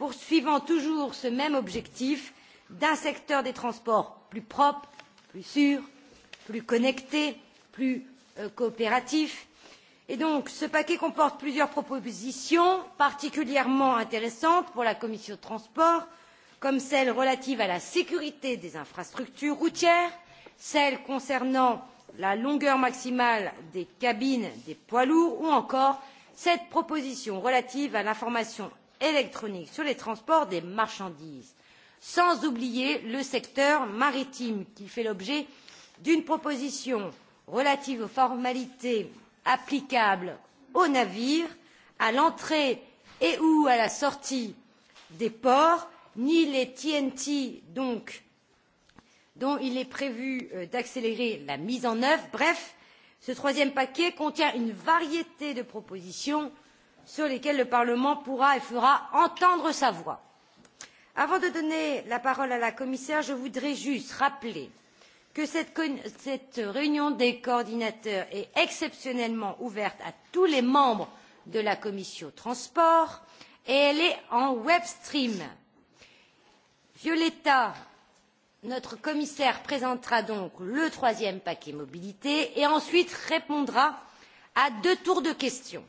poursuivant toujours ce même objectif d'un secteur des transports plus propre, plus sûr, plus connecté, plus coopératif. Et donc, ce paquet comporte plusieurs propositions particulièrement intéressantes pour la Commission des transports, comme celle relative à la sécurité des infrastructures routières, celle concernant la longueur maximale des cabines des poids lourds ou encore cette proposition relative à l'information électronique sur les transports des marchandises, sans oublier le secteur maritime qui fait l'objet d'une proposition relative aux formalités applicables aux navires à l'entrée et ou à la sortie des ports, ni les TNT donc dont il est prévu d'accélérer la mise en œuvre. Bref, ce troisième paquet contient une variété de propositions sur lesquels le Parlement pourra et fera entendre sa voix. Avant de donner la parole à la commissaire, je voudrais juste rappeler que cette réunion des coordinateurs est exceptionnellement ouverte à tous les membres de la commission transport et elle est en web stream. Violetta, notre commissaire, présentera donc le troisième paquet mobilité et ensuite répondra à deux tours de questions.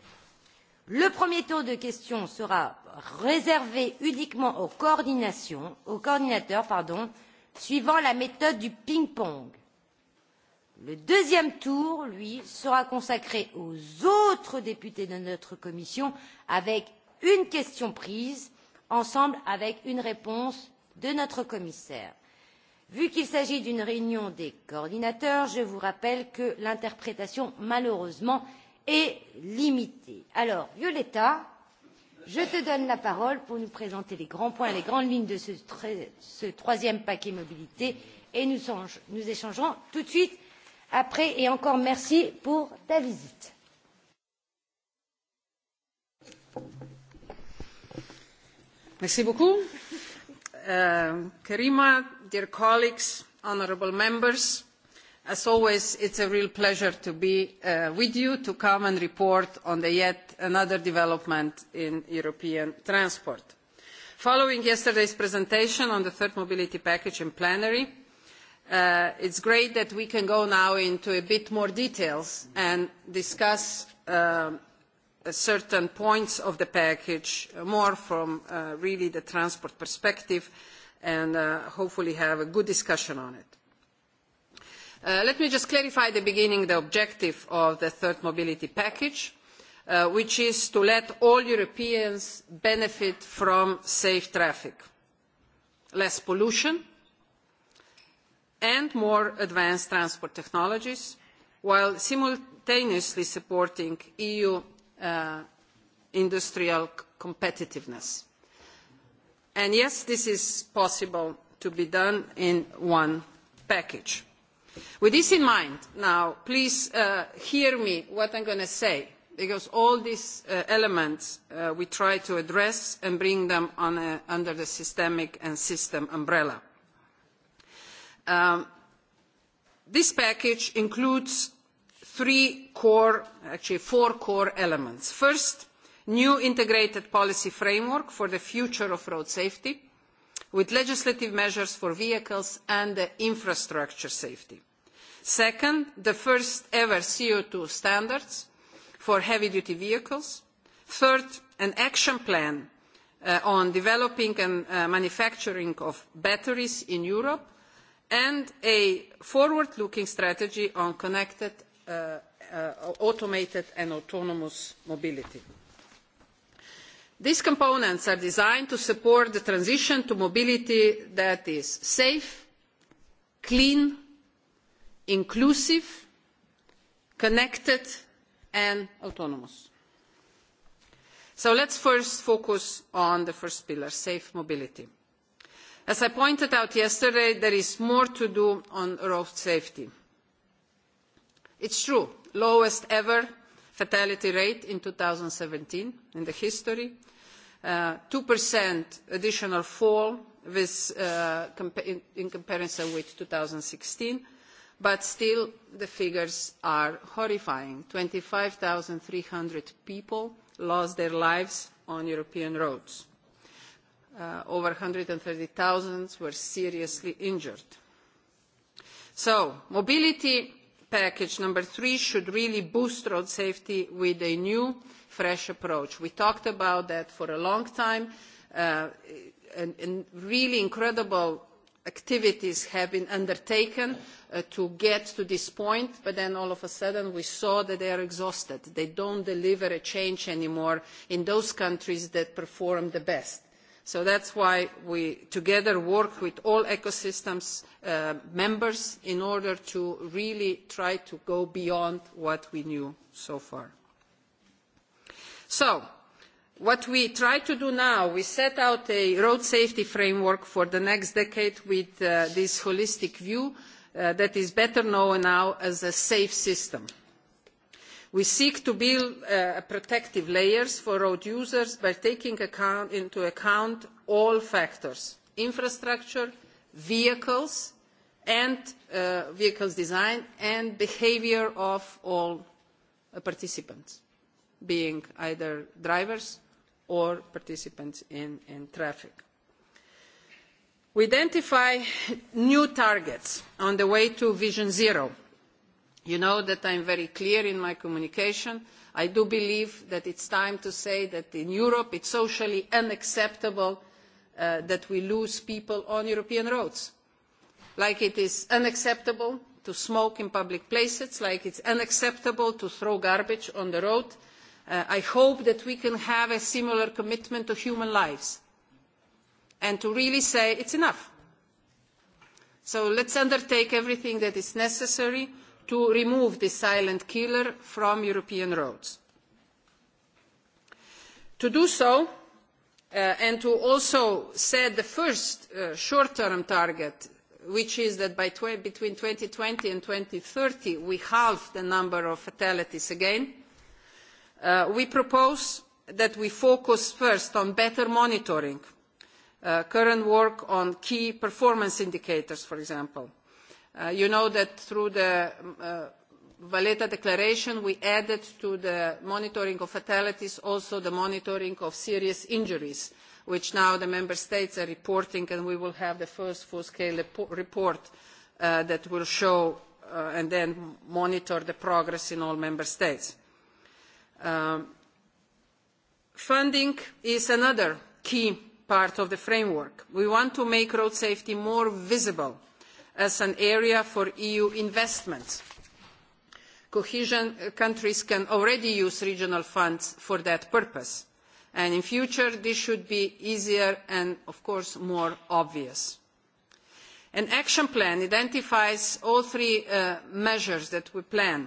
Le premier tour de questions sera réservé uniquement aux coordinateurs, suivant la méthode du ping-pong. Le deuxième tour, lui, sera consacré aux autres députés de notre commission, avec une question prise, ensemble avec une réponse de notre commissaire. Vu qu'il s'agit d'une réunion des coordinateurs, je vous rappelle que l'interprétation, malheureusement, est limité. Alors, Violetta, je te donne la parole pour nous présenter les grands points, les grandes lignes de ce troisième paquet mobilité et nous échangerons tout de suite après et encore merci pour ta visite. Merci beaucoup. Karima, dear colleagues, honourable members, As always, it's a real pleasure to be with you to come and report on yet another development in European transport. Following yesterday's presentation on the third mobility package in plenary, it's great that we can go now into a bit more details and discuss certain points of the package more from really the transport perspective and hopefully have a good discussion on it. Let me just clarify at the beginning the objective of the third mobility package, which is to let all Europeans benefit from safe traffic, less pollution and more advanced transport technologies, while simultaneously supporting EU industrial competitiveness. And yes, this is possible to be done in one package. With this in mind, now, please hear me what am going to say, because all these elements we try to address and bring them under the systemic and system umbrella. This package includes three core, actually four core elements. First, new integrated policy framework for the future of road safety with legislative measures for vehicles and infrastructure safety. Second, the first ever CO2 standards for heavy duty vehicles. Third, an action plan on developing and manufacturing of batteries in Europe and a forward-looking strategy on connected, automated and autonomous mobility. These components are designed to support the transition to mobility that is safe, clean, inclusive, connected and autonomous. So let's first focus on the first pillar, safe mobility. As I pointed out yesterday, there is more to do on road safety. It's true, lowest ever fatality rate in 2017 in the history, 2% additional fall in comparison with 2016, but still the figures are horrifying. 25,300 people lost their lives on European roads. Over 130,000 were seriously injured. So mobility package number three should really boost road safety with a new, fresh approach. We talked about that for a long time. Really incredible activities have been undertaken to get to this point, but then all of a sudden we saw that they are exhausted. They don't deliver a change anymore in those countries that perform the best So is why we together work with all ecosystems members in order to really try to go beyond what we knew so far. So what we try to do now, we set out a road safety framework for the next decade with this holistic view that is better known now as a safe system we seek to build protective layers for road users by taking into account all factors infrastructure vehicles and vehicle design and behaviour of all participants being either drivers or participants in traffic. we identify new targets on the way to vision zero You know that I am very clear in my communication. I do believe that it is time to say that in Europe it is socially unacceptable that we lose people on European roads. Like it is unacceptable to smoke in public places, like it is unacceptable to throw garbage on the road. I hope that we can have a similar commitment to human lives and to really say it is enough. So let us undertake everything that is necessary to remove this silent killer from European roads. To do so, and to also set the first short-term target, which is that between 2020 and 2030 we halve the number of fatalities again, we propose that we focus first on better monitoring, current work on key performance indicators, for example You know that through the Valletta Declaration we added to the monitoring of fatalities also the monitoring of serious injuries, which now the Member States are reporting and we will have the first full scale report that will show and then monitor the progress in all Member States. Funding is another key part of the framework. We want to make road safety more visible as an area for EU investment. Cohesion countries can already use regional funds for that purpose, and in future this should be easier and, of course, more obvious. An action plan identifies all three measures that we plan.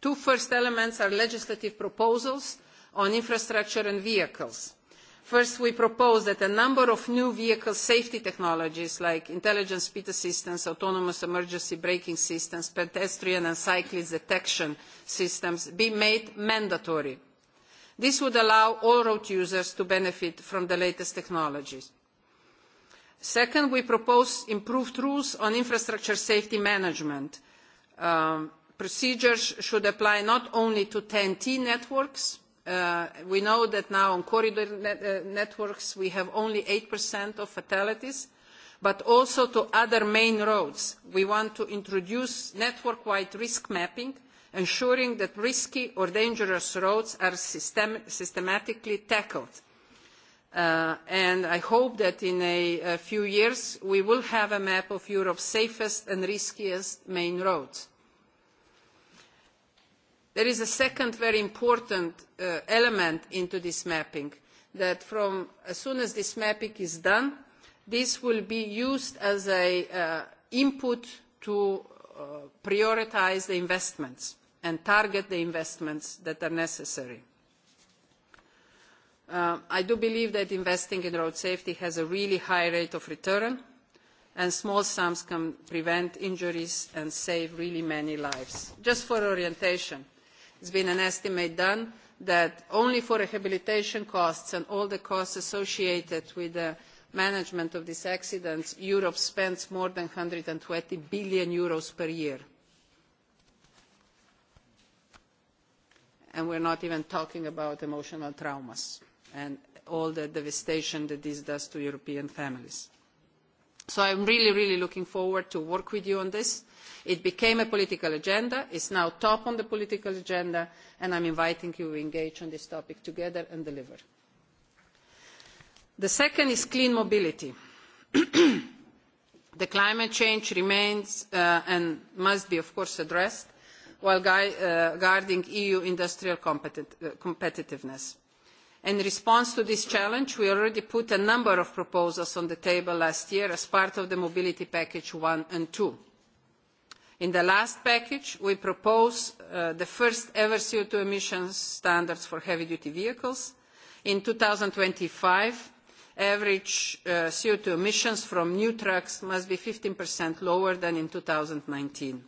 Two first elements are legislative proposals on infrastructure and vehicles First, we propose that a number of new vehicle safety technologies like intelligent speed assistance, autonomous emergency braking systems, pedestrian and cyclist detection systems be made mandatory. This would allow all road users to benefit from the latest technologies. Second, we propose improved rules on infrastructure safety management. Procedures should apply not only to TEN-T networks, We know that now on corridor networks we have only 8% of fatalities, but also to other main roads. We want to introduce network-wide risk mapping, ensuring that risky or dangerous roads are systematically tackled. And I hope that in a few years we will have a map of Europe's safest and riskiest main roads There is a second very important element into this mapping, that from as soon as this mapping is done, this will be used as an input to prioritise the investments and target the investments that are necessary. I do believe that investing in road safety has a really high rate of return, and small sums can prevent injuries and save really many lives. Just for orientation has been an estimate done that only for rehabilitation costs and all the costs associated with the management of these accidents, Europe spends more than 120 billion euros per year. And are not even talking about emotional traumas and all the devastation that this does to European families. So I'm really, really looking forward to working with you on this. It became a political agenda. It is now top on the political agenda, and I am inviting you to engage on this topic together and deliver. The second is clean mobility. The climate change remains and must be, of course, addressed while guarding EU industrial competitiveness. In response to this challenge, we already put a number of proposals on the table last year as part of the Mobility Package one and two. In the last package, we proposed the first-ever CO2 emissions standards for heavy-duty vehicles. In 2025, average CO2 emissions from new trucks must be 15% lower than in 2019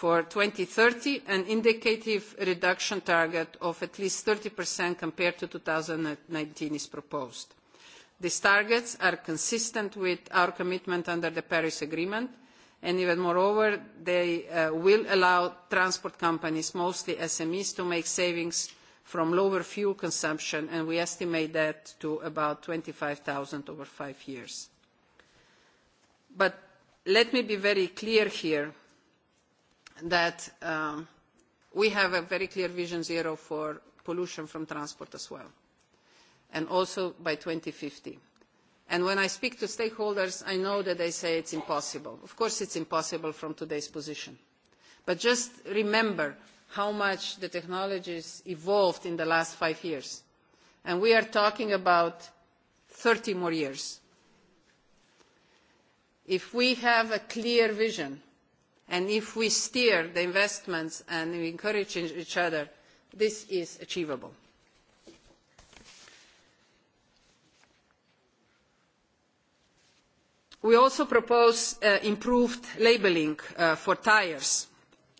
for 2030 an indicative reduction target of at least 30% compared to 2019 is proposed. These targets are consistent with our commitment under the Paris Agreement and even moreover they will allow transport companies, mostly SMEs, to make savings from lower fuel consumption and we estimate that to about 25,000 over five years. But let me be very clear here that we have a very clear vision zero for pollution from transport as well, and also by 2050. And when I speak to stakeholders, I know that they say it's impossible. Of course, it's impossible from today's position. But just remember how much the technologies evolved in the last five years. And we are talking about 30 more years. If we have a clear vision and if we steer the investments and we encourage each other this is achievable. we also propose improved labelling for tyres.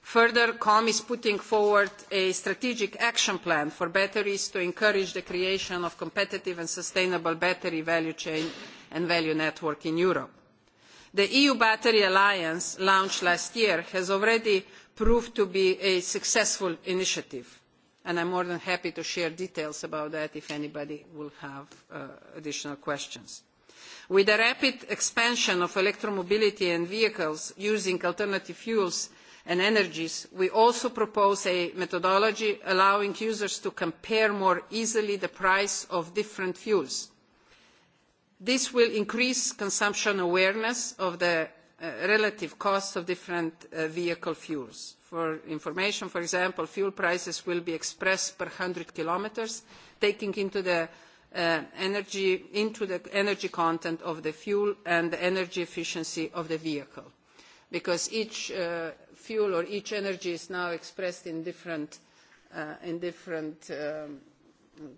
further com is putting forward a strategic action plan for batteries to encourage the creation of competitive and sustainable battery value chain and value network in europe The EU Battery Alliance, launched last year, has already proved to be a successful initiative, and I am more than happy to share details about that if anybody will have additional questions. With the rapid expansion of electromobility and vehicles using alternative fuels and energies, we also propose a methodology allowing users to compare more easily the price of different fuels This will increase consumption awareness of the relative costs of different vehicle fuels. For information, for example, fuel prices will be expressed per 100 kilometers, taking into the energy content of the fuel and the energy efficiency of the vehicle. Because each fuel or each energy is now expressed in different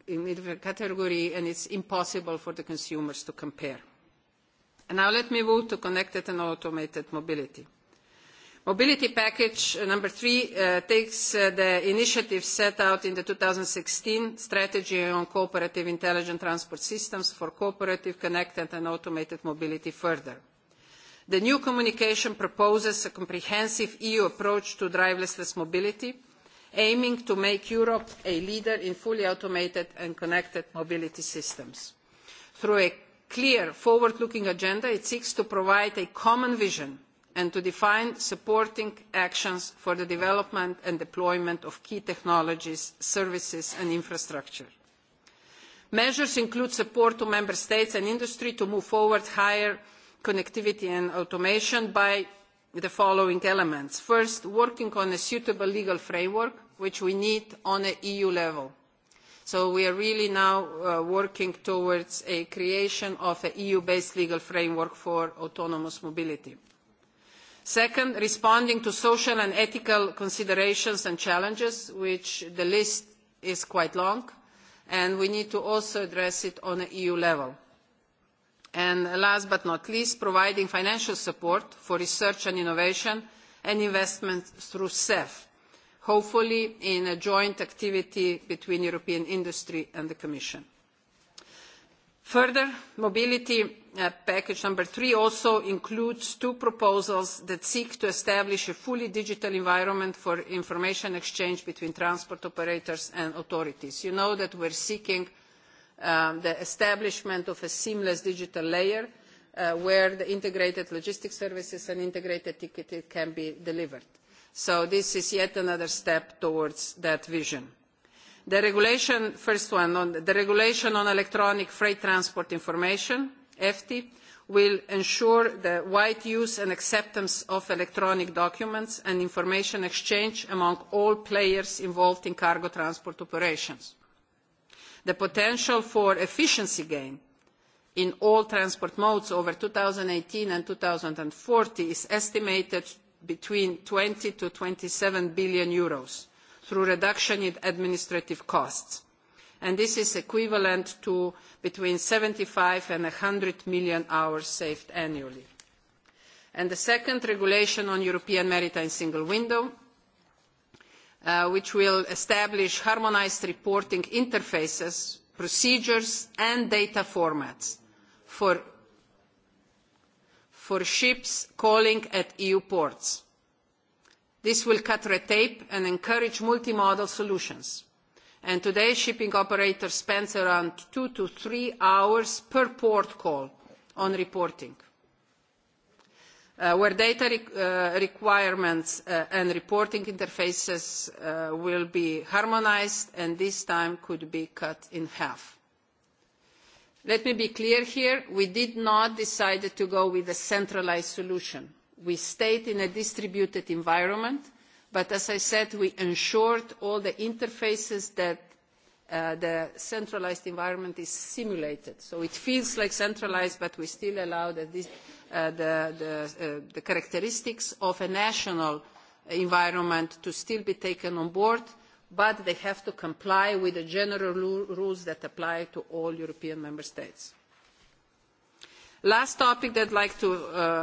in the category and it's impossible for the consumers to compare. Now let me move to connected and automated mobility. Mobility package number three takes the initiative set out in the 2016 strategy on cooperative intelligent transport systems for cooperative, connected and automated mobility further. The new communication proposes a comprehensive EU approach to driverless mobility aiming to make Europe a leader in fully automated and connected mobility systems. Through a clear forward-looking agenda, it seeks to provide a common vision and to define supporting actions for the development and deployment of key technologies, services and infrastructure. Measures include support to Member States and industry to move forward higher connectivity and automation by the following elements. First, working on a suitable legal framework, which we need on an EU level. So we are really now working towards a creation of an EU-based legal framework for autonomous mobility. Second, responding to social and ethical considerations and challenges, which the list is quite long, and we need to also address it on an EU level and last but not least providing financial support for research and innovation and investment through cef hopefully in a joint activity between european industry and the commission. further mobility package number three also includes two proposals that seek to establish a fully digital environment for information exchange between transport operators and authorities. you know that we are seeking the establishment of a seamless digital layer where the integrated logistics services and integrated ticketing can be delivered. So this is yet another step towards that vision. The regulation, first one, the regulation on electronic freight transport information, EFTI, will ensure the wide use and acceptance of electronic documents and information exchange among all players involved in cargo transport operations the potential for efficiency gain in all transport modes over thousand and forty is estimated between twenty to seven billion through reduction in administrative costs and this is equivalent to between seventy five and hundred million hours saved annually. And the second regulation on European maritime single window which will establish harmonised reporting interfaces, procedures and data formats for ships calling at EU ports. This will cut red tape and encourage multimodal solutions. And today, shipping operators spend around two to three hours per port call on reporting where data requirements and reporting interfaces will be harmonised and this time could be cut in half. Let me be clear here, we did not decide to go with a centralised solution. We stayed in a distributed environment, but as I said, we ensured all the interfaces that the centralised environment is simulated. So it feels like centralised, but we still allow that this the characteristics of a national environment to still be taken on board, but they have to comply with the general rules that apply to all European member states. Last topic that would like to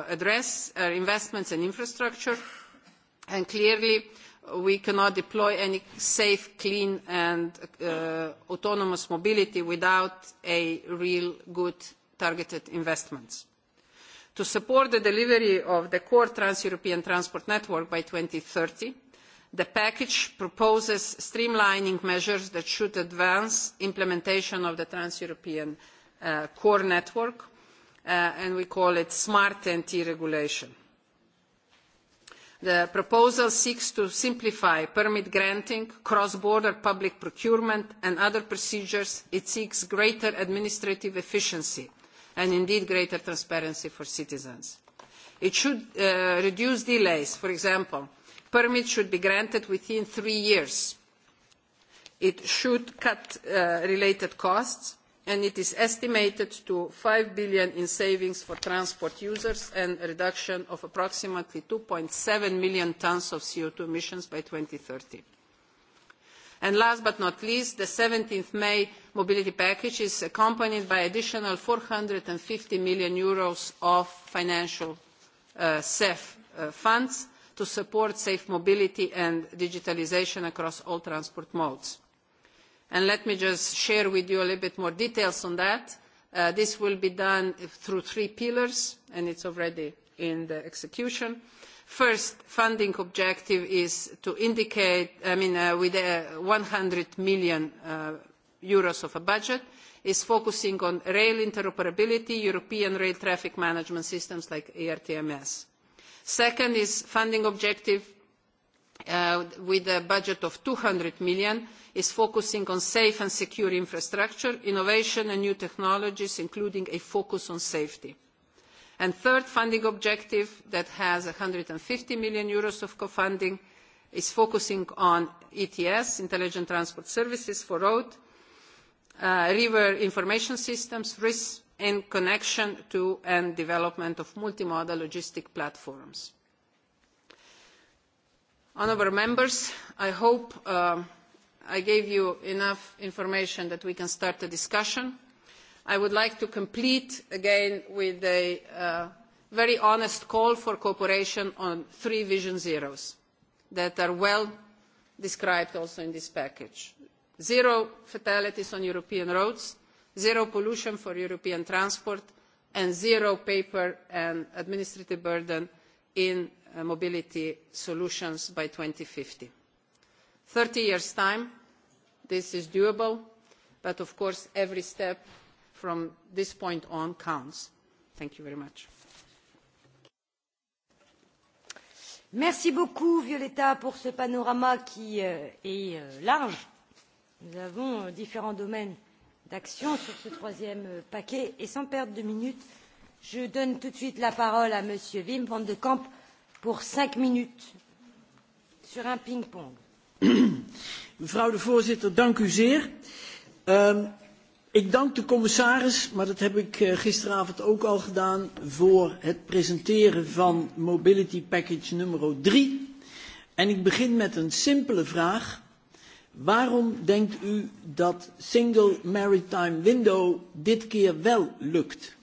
address are investments in infrastructure. And clearly, we cannot deploy any safe, clean and autonomous mobility without a real good targeted investments to support the delivery of the core trans-European transport network by 2030, the package proposes streamlining measures that should advance implementation of the trans-European core network, and we call it smart TEN-T regulation. The proposal seeks to simplify permit granting, cross-border public procurement and other procedures. It seeks greater administrative efficiency and indeed greater transparency for citizens. It should reduce delays. For example, permits should be granted within three years. It should cut related costs and it is estimated to eur five billion in savings for transport users and a reduction of approximately. 2.7 million tonnes of co 2 emissions by 2030. And last but not least, the 17 May mobility package is accompanied by additional 450 million euros of financial CEF funds to support safe mobility and digitalisation across all transport modes. And let me just share with you a little bit more details on that. This will be done through three pillars, and it's already in the execution. First funding objective is to indicate, I mean, with 100 million of a budget, is focusing on rail interoperability, European rail traffic management systems like ERTMS. Second is funding objective with a budget of EUR 200 million is focusing on safe and secure infrastructure, innovation and new technologies, including a focus on safety. And third funding objective that has EUR 150 million of co-funding is focusing on ETS, Intelligent Transport Services for road, river information systems, risks in connection to and development of multimodal logistic platforms. Honourable members, I hope I gave you enough information that we can start a discussion I would like to complete again with a very honest call for cooperation on three Vision Zeros that are well described also in this package. Zero fatalities on European roads, zero pollution for European transport, and zero paper and administrative burden in mobility solutions by 2050. 30 years' time, this is doable, but of course every step from this point on counts. Thank you very much. Merci beaucoup, Violetta, pour ce panorama qui est large. Nous avons différents domaines d'action sur ce troisième paquet. Et sans perdre de minutes, je donne tout de suite la parole à Monsieur Wim van de Kamp pour cinq minutes sur un ping-pong. Mevrouw de voorzitter, dank u zeer. Ik dank de commissaris, maar dat heb ik gisteravond ook al gedaan, voor het presenteren van Mobility Package nummer 3. En ik begin met een simpele vraag. Waarom denkt u dat Single Maritime Window dit keer wel lukt?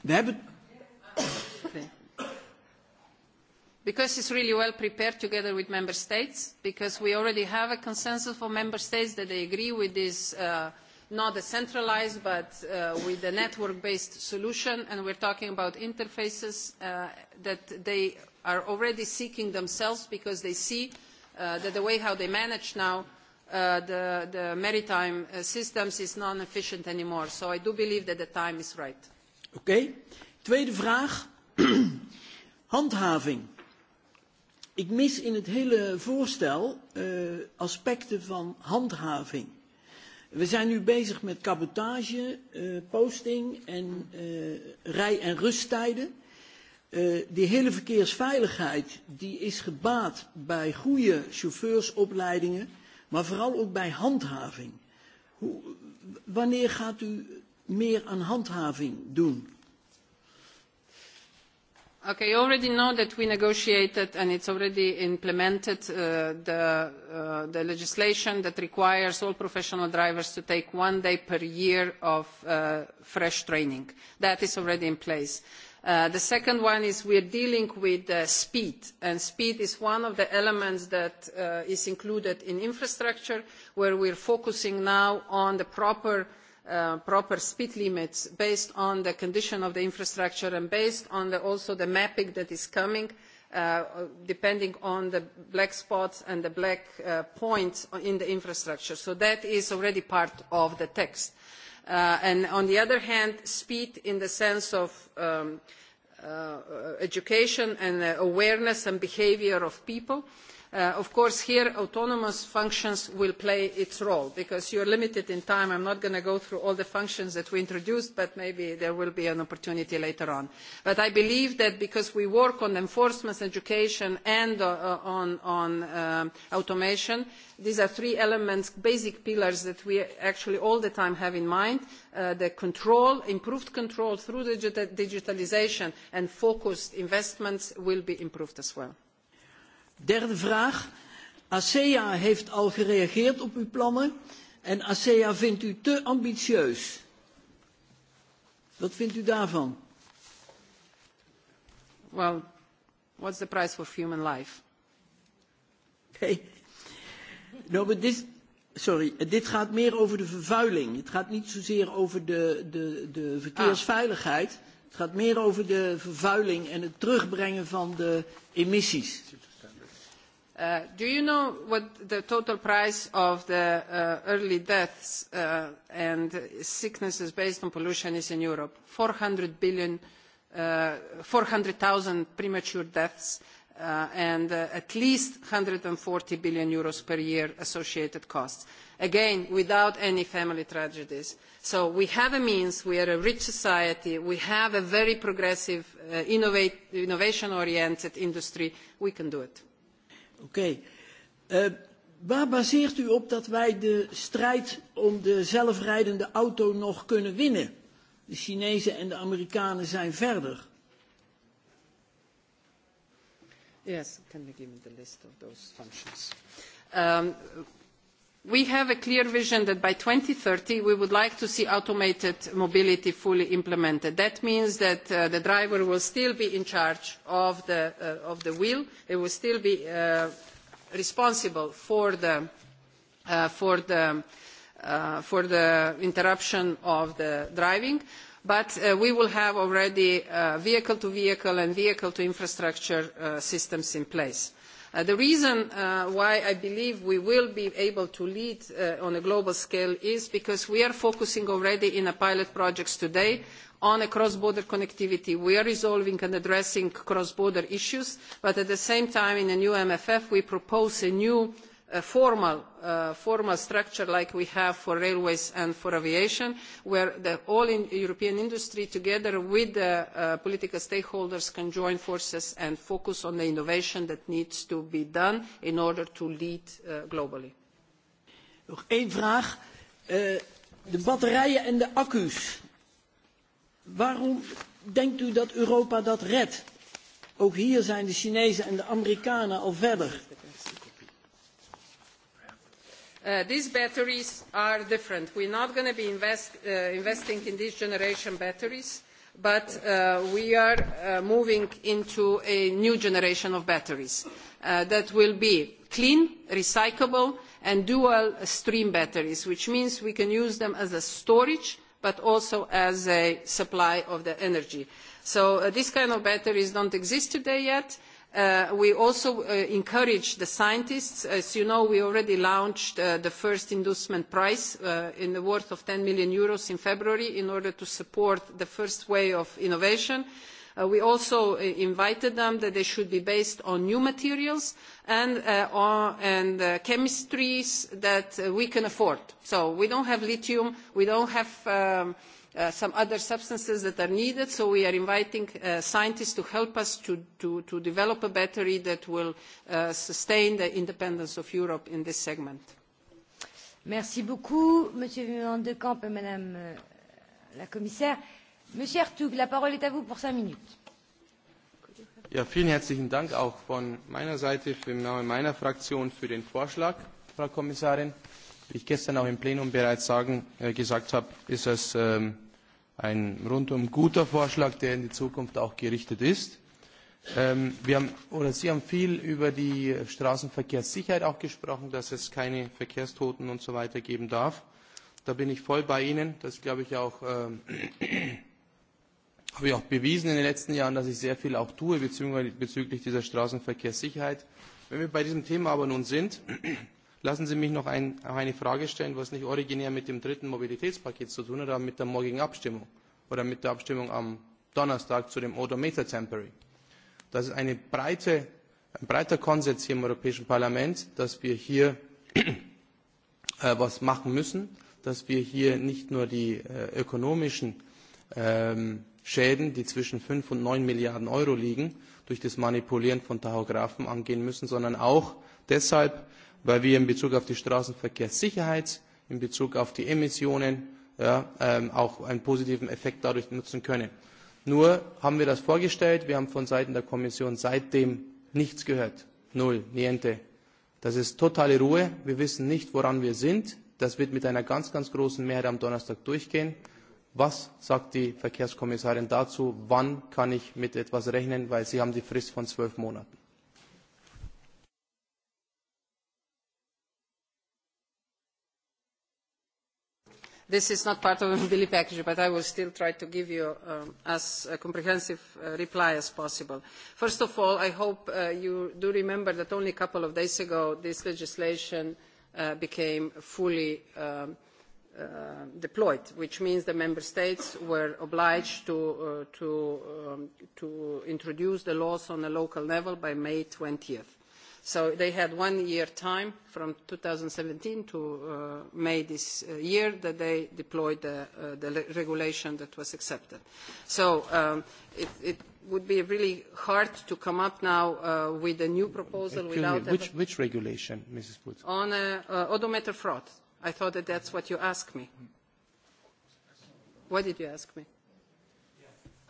We hebben because it's really well prepared together with member states because we already have a consensus for member states that they agree with this not a centralised but with a network based solution and we're talking about interfaces that they are already seeking themselves because they see that the way how they manage now the maritime systems is not efficient anymore so i do believe that the time is right. Okay. tweede vraag handhaving. Ik mis in het hele voorstel aspecten van handhaving. We zijn nu bezig met cabotage, posting en rij- en rusttijden. Die hele verkeersveiligheid die is gebaat bij goede chauffeursopleidingen, maar vooral ook bij handhaving. Wanneer gaat u meer aan handhaving doen? Okay, you already know that we negotiated and it's already implemented the legislation that requires all professional drivers to take one day per year of fresh training. That is already in place. The second one is we are dealing with speed, and speed is one of the elements that is included in infrastructure, where we are focusing now on the proper proper speed limits based on the condition of the infrastructure and based on also the mapping that is coming depending on the black spots and the black points in the infrastructure. So that is already part of the text. And on the other hand, speed in the sense of education and awareness and behavior of people Of course, here autonomous functions will play its role because you are limited in time. I am not going to go through all the functions that we introduced, but maybe there will be an opportunity later on. But I believe that because we work on enforcement, education and on automation, these are three elements, basic pillars that we actually all the time have in mind: the control, improved control through digitalisation and focused investments will be improved as well. Derde vraag. ASEA heeft al gereageerd op uw plannen en ASEA vindt u te ambitieus. Wat vindt u daarvan? Well, what's the price for human life? Okay. No, sorry, dit gaat meer over de vervuiling. Het gaat niet zozeer over de verkeersveiligheid. Het gaat meer over de vervuiling en het terugbrengen van de emissies. Do you know what the total price of the early deaths and sicknesses based on pollution is in Europe? 400,000 premature deaths and at least 140 billion euros per year associated costs. Again, without any family tragedies. So we have a means, we are a rich society, we have a very progressive, innovation-oriented industry, we can do it. Oké. Waar baseert u op dat wij de strijd om de zelfrijdende auto nog kunnen winnen? De Chinezen en de Amerikanen zijn verder. Yes, can give me the list of those functions? we have a clear vision that by 2030 we would like to see automated mobility fully implemented. that means that the driver will still be in charge of the wheel he will still be responsible for the interruption of the driving but we will have already vehicle to vehicle and vehicle to infrastructure systems in place. The reason why I believe we will be able to lead on a global scale is because we are focusing already in pilot projects today on cross-border connectivity. We are resolving and addressing cross-border issues, but at the same time in the new MFF we propose a new a formal structure like we have for railways and for aviation, where the all European industry together with the political stakeholders can join forces and focus on the innovation that needs to be done in order to lead globally. Nog één vraag. De batterijen en de accu's. Waarom denkt u dat Europa dat redt? Ook hier zijn de Chinezen en de Amerikanen al verder. These batteries are different. We are not going to be investing in these generation batteries, but we are moving into a new generation of batteries that will be clean, recyclable and dual stream batteries, which means we can use them as a storage but also as a supply of the energy. So these kind of batteries don't exist today yet We also encourage the scientists. As you know, we already launched the first inducement prize in the worth of 10 million euros in February in order to support the first way of innovation. We also invited them that they should be based on new materials and chemistries that we can afford. So we don't have lithium, we don't have some other substances that are needed. So we are inviting scientists to help us to develop a battery that will sustain the independence of Europe in this segment. Merci beaucoup, Monsieur Van de Kamp et Madame la Commissaire. Monsieur Hertug, la parole est à vous pour cinq minutes. Ja, vielen herzlichen Dank auch von meiner Seite im Namen meiner Fraktion für den Vorschlag, Frau Kommissarin ich gestern auch im Plenum bereits gesagt habe, ist es ein rundum guter Vorschlag, der in die Zukunft auch gerichtet ist. Wir haben, oder Sie haben viel über die Straßenverkehrssicherheit auch gesprochen, dass es keine Verkehrstoten und so weiter geben darf. Da bin ich voll bei Ihnen. Das glaube ich auch, habe ich auch bewiesen in den letzten Jahren, dass ich sehr viel auch tue bezüglich dieser Straßenverkehrssicherheit. Wenn wir bei diesem Thema aber nun sind, Lassen Sie mich noch eine Frage stellen, was nicht originär mit dem dritten Mobilitätspaket zu tun hat, aber mit der morgigen Abstimmung oder mit der Abstimmung am Donnerstag zu dem Odometer Temporary. Das ist ein breiter Konsens hier im Europäischen Parlament, dass wir hier etwas machen müssen, dass wir hier nicht nur die ökonomischen Schäden, die zwischen 5 und 9 Milliarden Euro liegen, durch das Manipulieren von Tachografen angehen müssen, sondern auch deshalb, weil wir in Bezug auf die Straßenverkehrssicherheit, in Bezug auf die Emissionen auch einen positiven Effekt dadurch nutzen können. Nur haben wir das vorgestellt, wir haben von Seiten der Kommission seitdem nichts gehört. Null, niente. Das ist totale Ruhe. Wir wissen nicht, woran wir sind. Das wird mit einer ganz, ganz großen Mehrheit am Donnerstag durchgehen. Was sagt die Verkehrskommissarin dazu? Wann kann ich mit etwas rechnen? Weil Sie haben die Frist von zwölf Monaten. This is not part of the mobility package, but I will still try to give you as comprehensive reply as possible. First of all, I hope you do remember that only a couple of days ago this legislation became fully deployed, which means the member states were obliged to introduce the laws on a local level by May 20th So they had one year time from 2017 to May this year that they deployed the regulation that was accepted. So it would be really hard to come up now with a new proposal without... Which regulation, Mrs. Putz? On odometer fraud. I thought that that's what you asked me. What did you ask me?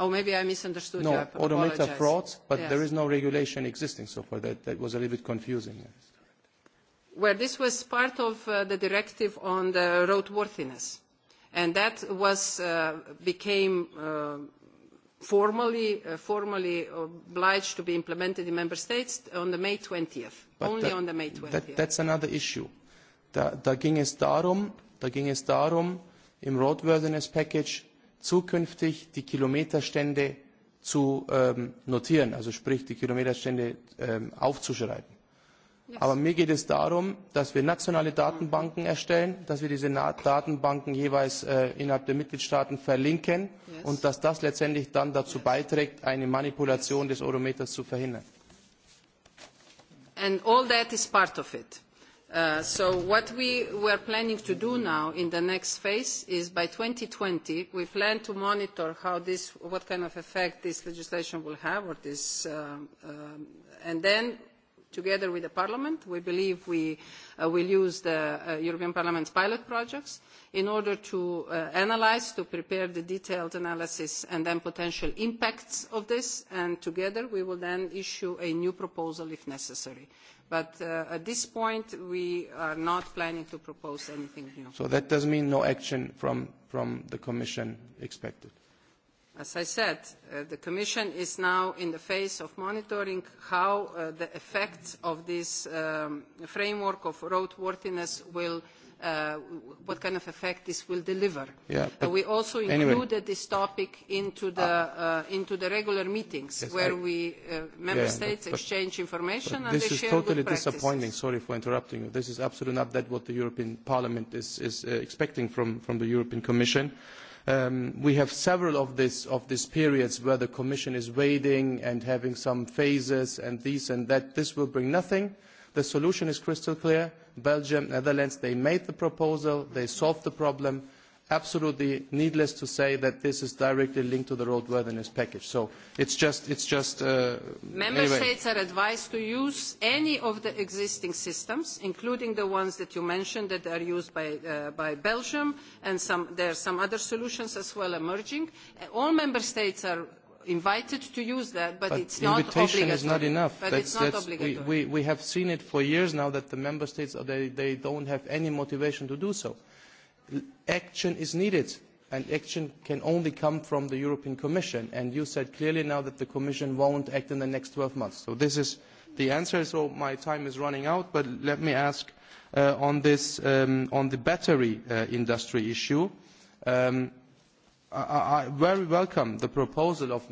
Oh, maybe I misunderstood you. No, odometer frauds, but there is no regulation existing so far. That was a little bit confusing. Well, this was part of the directive on the roadworthiness, and that was became formally formally obliged to be implemented in member states on the May 20th, only on the May 20th. That's another issue. Da ging es darum, da ging es darum im Roadworthiness Package zukünftig die Kilometerstände zu notieren, also sprich die Kilometerstände aufzuschreiben. Aber mir geht es darum, dass wir nationale Datenbanken erstellen, dass wir diese Datenbanken jeweils innerhalb der Mitgliedstaaten verlinken und dass das letztendlich dann dazu beiträgt, eine Manipulation des Eurometers zu verhindern. all that is part of So what we are planning to do now in the next phase is by 2020 we plan to monitor how this, what kind of effect this legislation will have, and then together with the Parliament we believe we will use the European Parliament's pilot projects in order to analyse, to prepare the detailed analysis and then potential impacts of this, and together we will then issue a new proposal if necessary. But at this point, we are not planning to propose anything new. So that does mean no action from the Commission expected? As I said, the Commission is now in the phase of monitoring how the effects of this framework of roadworthiness will what kind of effect this will deliver. We also included this topic into the into the regular meetings where we member states exchange information and they share good This is totally disappointing. Sorry for interrupting you. This is absolutely not that what the European Parliament is is expecting from from the European Commission. We have several of these periods where the Commission is waiting and having some phases and this and that. This will bring nothing. The solution is crystal clear Belgium, Netherlands, they made the proposal, they solved the problem. Absolutely needless to say that this is directly linked to the roadworthiness package. So it's just, it's just. Member states are advised to use any of the existing systems, including the ones that you mentioned that are used by Belgium, and there are some other solutions as well emerging. All member states are invited to use that, but it's not obligatory. Invitation is not enough. But it's not obligatory. We have seen it for years now that the member states, they don't have any motivation to do so. Action is needed, and action can only come from the European Commission. And you said clearly now that the Commission won't act in the next 12 months. So this is the answer. So my time is running out, but let me ask on this, on the battery industry issue I very welcome the proposal of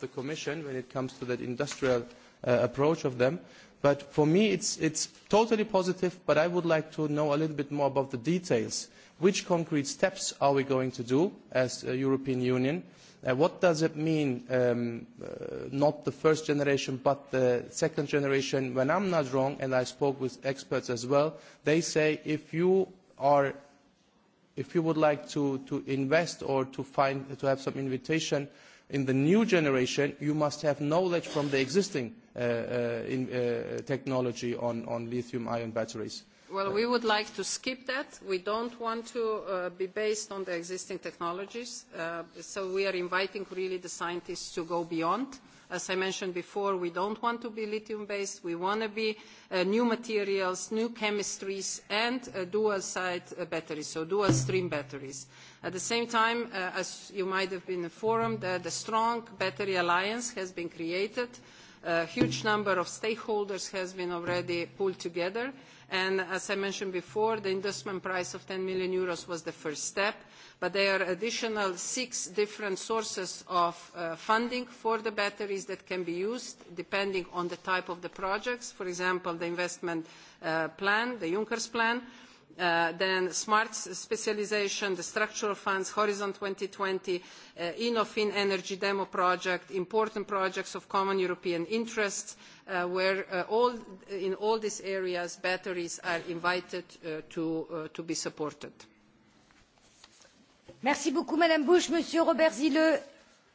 the Commission when it comes to that industrial approach of them. But for me, it's totally positive, but I would like to know a little bit more about the details. Which concrete steps are we going to do as a European Union? What does it mean, not the first generation, but the second generation? When I'm not wrong, and I spoke with experts as well, they say if you are if you would like to, to invest or to, find, to have some invitation in the new generation, you must have knowledge from the existing technology on, on lithium-ion batteries. Well, we would like to skip that. We don't want to be based on the existing technologies. So we are inviting really the scientists to go beyond. As I mentioned before, we don't want to be lithium-based. We want to be new materials, new chemistries, and dual-side batteries, so dual-stream batteries. At the same time, as you might have been informed, the Strong Battery Alliance has been created A huge number of stakeholders has been already pulled together. And as I mentioned before, the investment price of 10 million euros was the first step, but there are additional six different sources of funding for the batteries that can be used depending on the type of the projects. For example, the investment plan, the Juncker's plan then smart specialization, the structural funds, Horizon 2020, Innofin Energy Demo Project, important projects of common European interest, where in all these areas batteries are invited to be supported. Merci beaucoup, Madame Bush. Monsieur Robert Zille,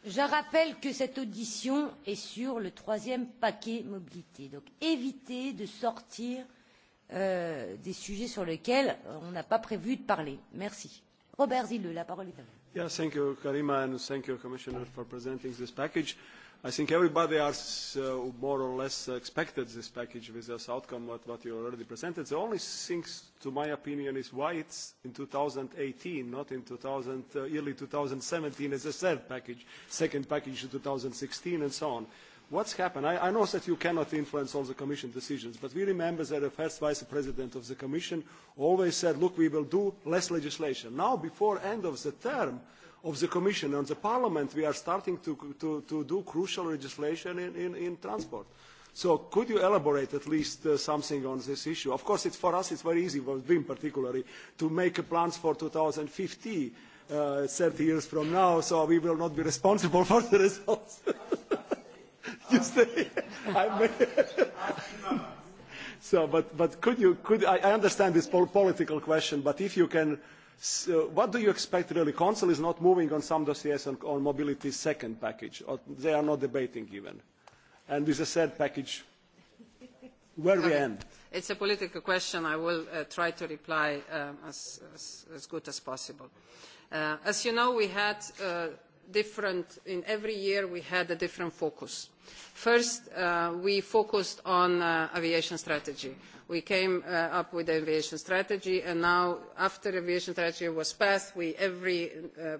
je rappelle que cette audition est sur le troisième paquet mobilité. Donc évitez de sortir des sujets sur lesquels on n'a pas prévu de parler. Merci. Robert Zille, la parole est à vous. Yeah, thank you, Karima, and thank you, Commissioner, for presenting this package. I think everybody has more or less expected this package with this outcome, what, what you already presented. The only thing, to my opinion, is why it's in 2018, not in 2000, uh, early 2017 as a third package, second package in 2016, and so on. What's happened? I know that you cannot influence all the Commission decisions, but we remember that the first Vice President of the Commission always said, look, we will do less legislation. Now, before end of the term of the Commission and the Parliament, we are starting to do crucial legislation in transport. So could you elaborate at least something on this issue? Of course, for us it's very easy, for BIM particularly, to make plans for 2050, 30 years from now, so we will not be responsible for the results. So, but but could you could I understand this political question, but if you can, what do you expect really? Council is not moving on some dossiers on mobility second package, or they are not debating even, and with a third package, where we end? It's a political question. I will try to reply as good as possible. As you know, we had different in every year we had a different focus first we focused on aviation strategy we came up with the aviation strategy and now after the aviation strategy was passed we every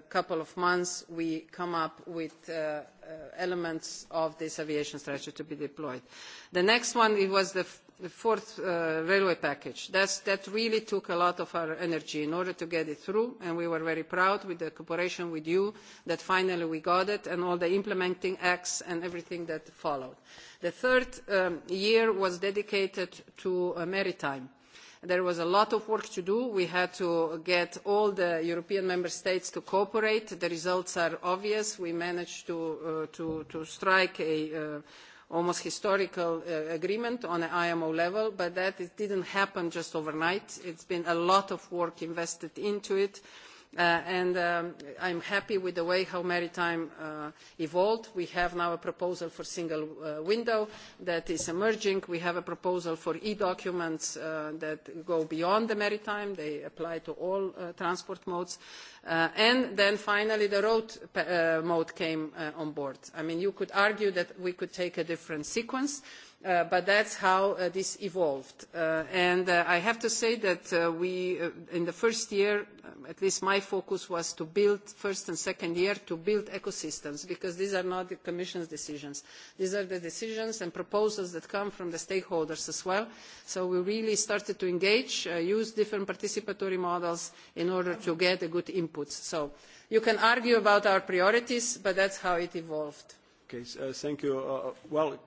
couple of months we come up with elements of this aviation strategy to be deployed the next one was the The fourth railway package. That really took a lot of our energy in order to get it through, and we were very proud with the cooperation with you that finally we got it, and all the implementing acts and everything that followed. The third year was dedicated to maritime. There was a lot of work to do. We had to get all the European member states to cooperate. The results are obvious. We managed to strike a almost historical agreement on an IMO level, but that didn't happen just overnight. It's been a lot of work invested into it and I'm happy with the way how maritime evolved. We have now a proposal for single window that is emerging. We have a proposal for e-documents that go beyond the maritime. They apply to all transport modes. And then finally the road mode came on board. I mean, you could argue that we could take a different sequence but that's how this evolved. And I have to say that we, in the first year, at least my focus was to build, first and second year, to build ecosystems, because these are not the Commission's decisions. These are the decisions and proposals that come from the stakeholders as well. So we really started to engage, use different participatory models in order to get a good input. So you can argue about our priorities, but that's how it evolved thank you. Well,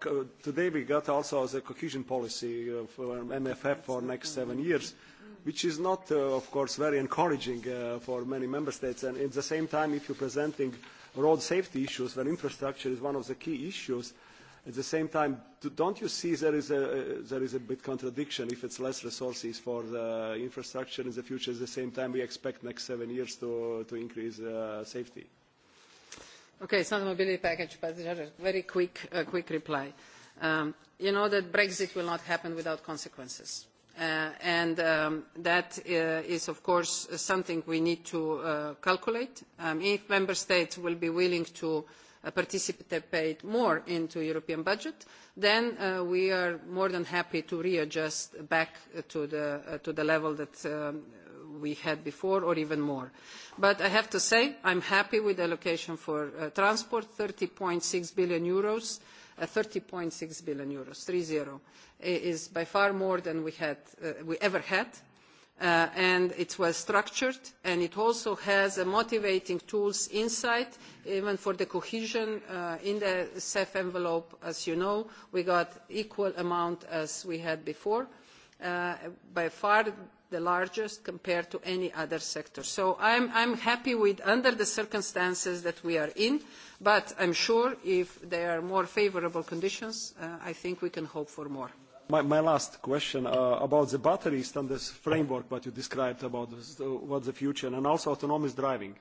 today we got also the cohesion policy for MFF for next seven years, which is not, of course, very encouraging for many member states. And at the same time, if are presenting road safety issues, where infrastructure is one of the key issues, at the same time, don't you see there is a there is a bit contradiction if it's less resources for the infrastructure in the future, at the same time we expect next seven years to to increase safety? Okay, it's not a mobility package, but just a very quick reply. You know that Brexit will not happen without consequences. And that is, of course, something we need to calculate. If member states will be willing to participate more into European budget, then we are more than happy to readjust back to the level that we had before or even more. But I have to say I'm happy with the allocation for transport, 30.6 billion euros. 30.6 billion euros, 3 is by far more than we ever had, and it's well structured, and it also has motivating tools inside, even for the cohesion in the CEF envelope. As you know, we got equal amount as we had before, by far the largest compared to any other sector. So I'm happy with under the circumstances that we are in, but I'm sure if there are more favorable conditions, I think we can hope for more. My last question about the batteries and this framework that you described about what's the future and also autonomous driving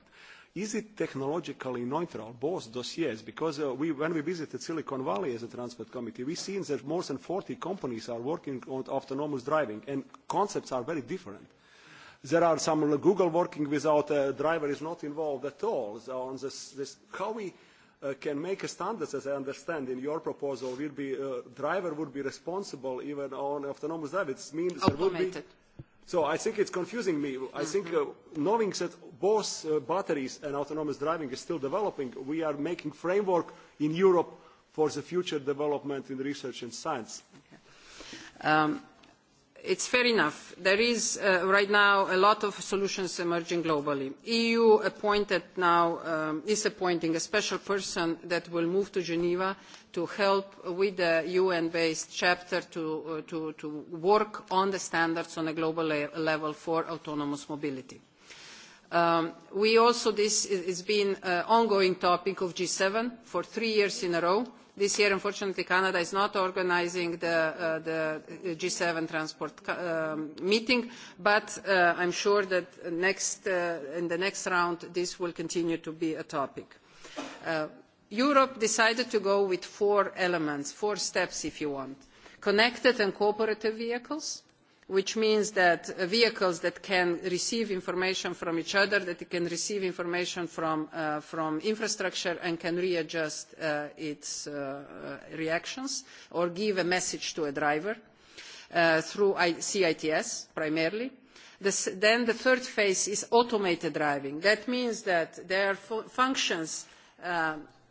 Is it technologically neutral, both dossiers? Because when we visited Silicon Valley as a transport committee, we seen that more than 40 companies are working on autonomous driving, and concepts are very different. There are some Google working without a driver is not involved at all. On this, how we can make a standard, as I understand, in your proposal, will be driver would be responsible even on autonomous driving. It means there would be So I think it's confusing me. I think knowing that both batteries and autonomous driving is still developing, we are making framework in Europe for the future development in research and science. It's fair enough. There is right now a lot of solutions emerging globally. The EU appointed now is appointing a special person that will move to Geneva to help with the UN-based chapter to work on the standards on a global level for autonomous mobility. We also this has been an ongoing topic of G7 for three years in a row. This year, unfortunately, Canada is not organising the G7 transport meeting, but I'm sure that in the next round this will continue to be a topic. Europe decided to go with four elements, four steps if you want. Connected and cooperative vehicles which means that vehicles that can receive information from each other, that can receive information from infrastructure and can readjust its reactions or give a message to a driver through CITS primarily. Then the third phase is automated driving. That means that there are functions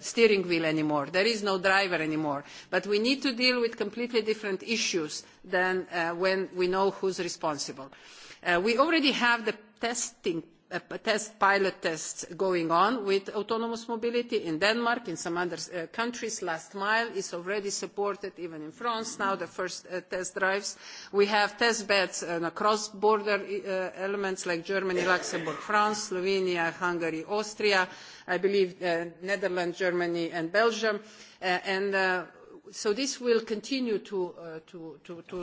steering wheel anymore. There is no driver anymore. But we need to deal with completely different issues than when we know who's responsible. We already have the testing test pilot tests going on with autonomous mobility in Denmark, in some other countries. Last mile is already supported, even in France now, the first test drives. We have test beds across border elements like Germany, Luxembourg, France, Slovenia, Hungary, Austria, I believe Netherlands, Germany and Belgium. And So this will continue to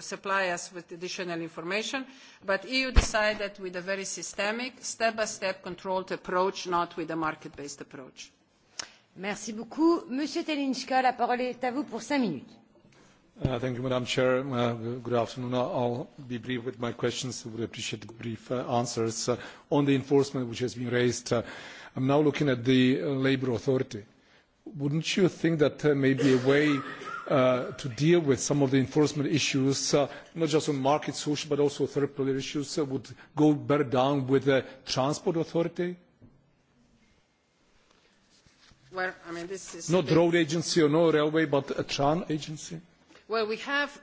supply us with additional information, but EU decided with a very systemic, step-by-step controlled approach, not with a market-based approach. Merci beaucoup. Monsieur Telinchka, la parole est à vous pour cinq minutes. Thank you, Madam Chair. Good afternoon. I'll be brief with my questions. Would appreciate the brief answers on the enforcement which has been raised. I'm now looking at the Labour Authority wouldn't you think that there may be a way to deal with some of the enforcement issues, not just on market social, but also third-party issues, would go better down with the transport authority? Well, I Not road agency or no railway, but a tram agency? Well, we have...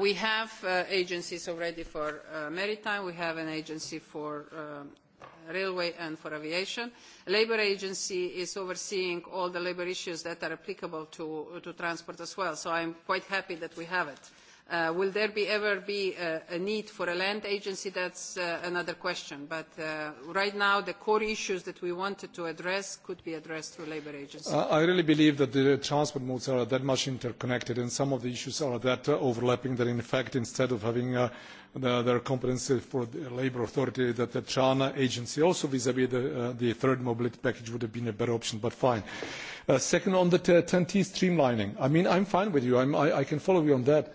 We have agencies already for maritime. We have an agency for railway and for aviation. The Labour Agency is overseeing all the labour issues that are applicable to transport as well, so I am quite happy that we have it. Will there ever be a need for a land agency? That's another question. But right now, the core issues that we wanted to address could be addressed through labour agencies. I really believe that the transport modes are that much interconnected, and some of the issues are that overlapping that, in fact, instead of having their competency for the labour authority, that the China agency also vis-à-vis the third mobility package would have been a better option. But fine. Second, on the TEN-T streamlining. I mean, I'm fine with you. I can follow you on that.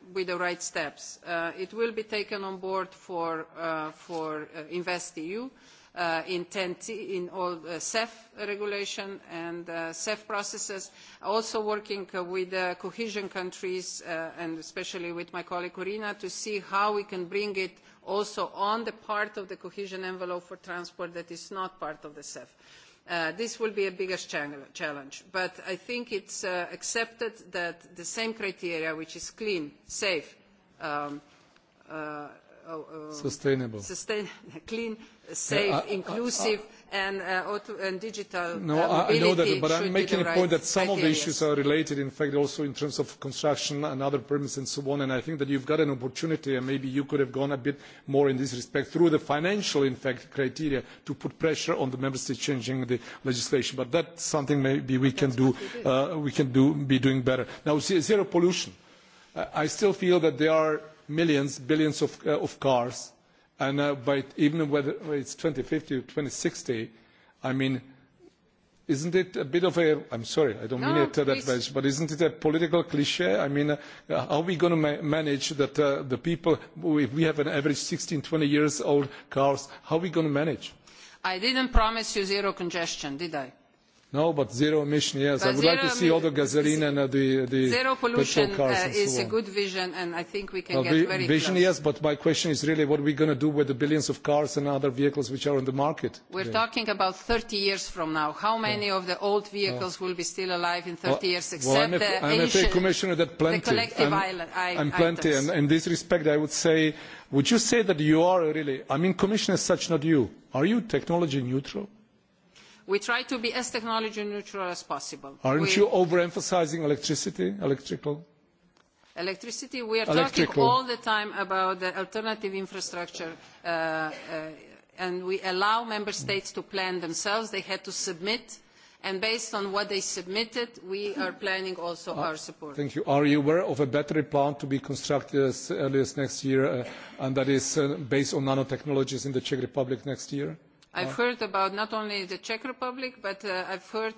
with the right steps. It will be taken on board for InvestEU in all CEF regulation and CEF processes, also working with the cohesion countries and especially with my colleague Corina to see how we can bring it also on the part of the cohesion envelope for transport that is not part of the CEF. This will be a biggest challenge, but I think it's accepted that the same criteria, which is clean, safe, sustainable, clean, safe, inclusive and digital No, I know that, but I'm making a point that some of the issues are related, in fact, also in terms of construction and other permits and so on, and I think that you've got an opportunity, and maybe you could have gone a bit more in this respect through the financial, in fact, criteria to put pressure on the member states changing the legislation, but that's something maybe we can do, we can do be doing better. Now, zero pollution. I still feel that there are millions, billions of cars And even whether it's 2050 or 2060, I mean, isn't it a bit of a, I'm sorry, I don't mean it that much, but isn't it a political cliche? I mean, are we going to manage that the people, if we have an average 16, 20 years old cars, how are we going to manage? I didn't promise you zero congestion, did I? No, but zero emission, yes. I would like to see all the gasoline and the petrol cars Zero pollution is a good vision, and I think we can get very Vision, yes, but my question is really what are we going to do with the billions of cars and other vehicles which are on the market? We're talking about 30 years from now. How many of the old vehicles will be still alive in 30 years, except the ancient, Commissioner, that plenty. The collective I'm plenty, and in this respect, I would say, would you say that you are really, I mean, Commissioner, such not you, are you technology neutral? We try to be as technology neutral as possible. Aren't you overemphasizing electricity, electrical? Electricity, we are talking all the time about the alternative infrastructure and we allow member states to plan themselves. They had to submit and based on what they submitted, we are planning also our support. Thank you. Are you aware of a battery plant to be constructed as early as next year and that is based on nanotechnologies in the Czech Republic next year? I've heard about not only the Czech Republic, but I've heard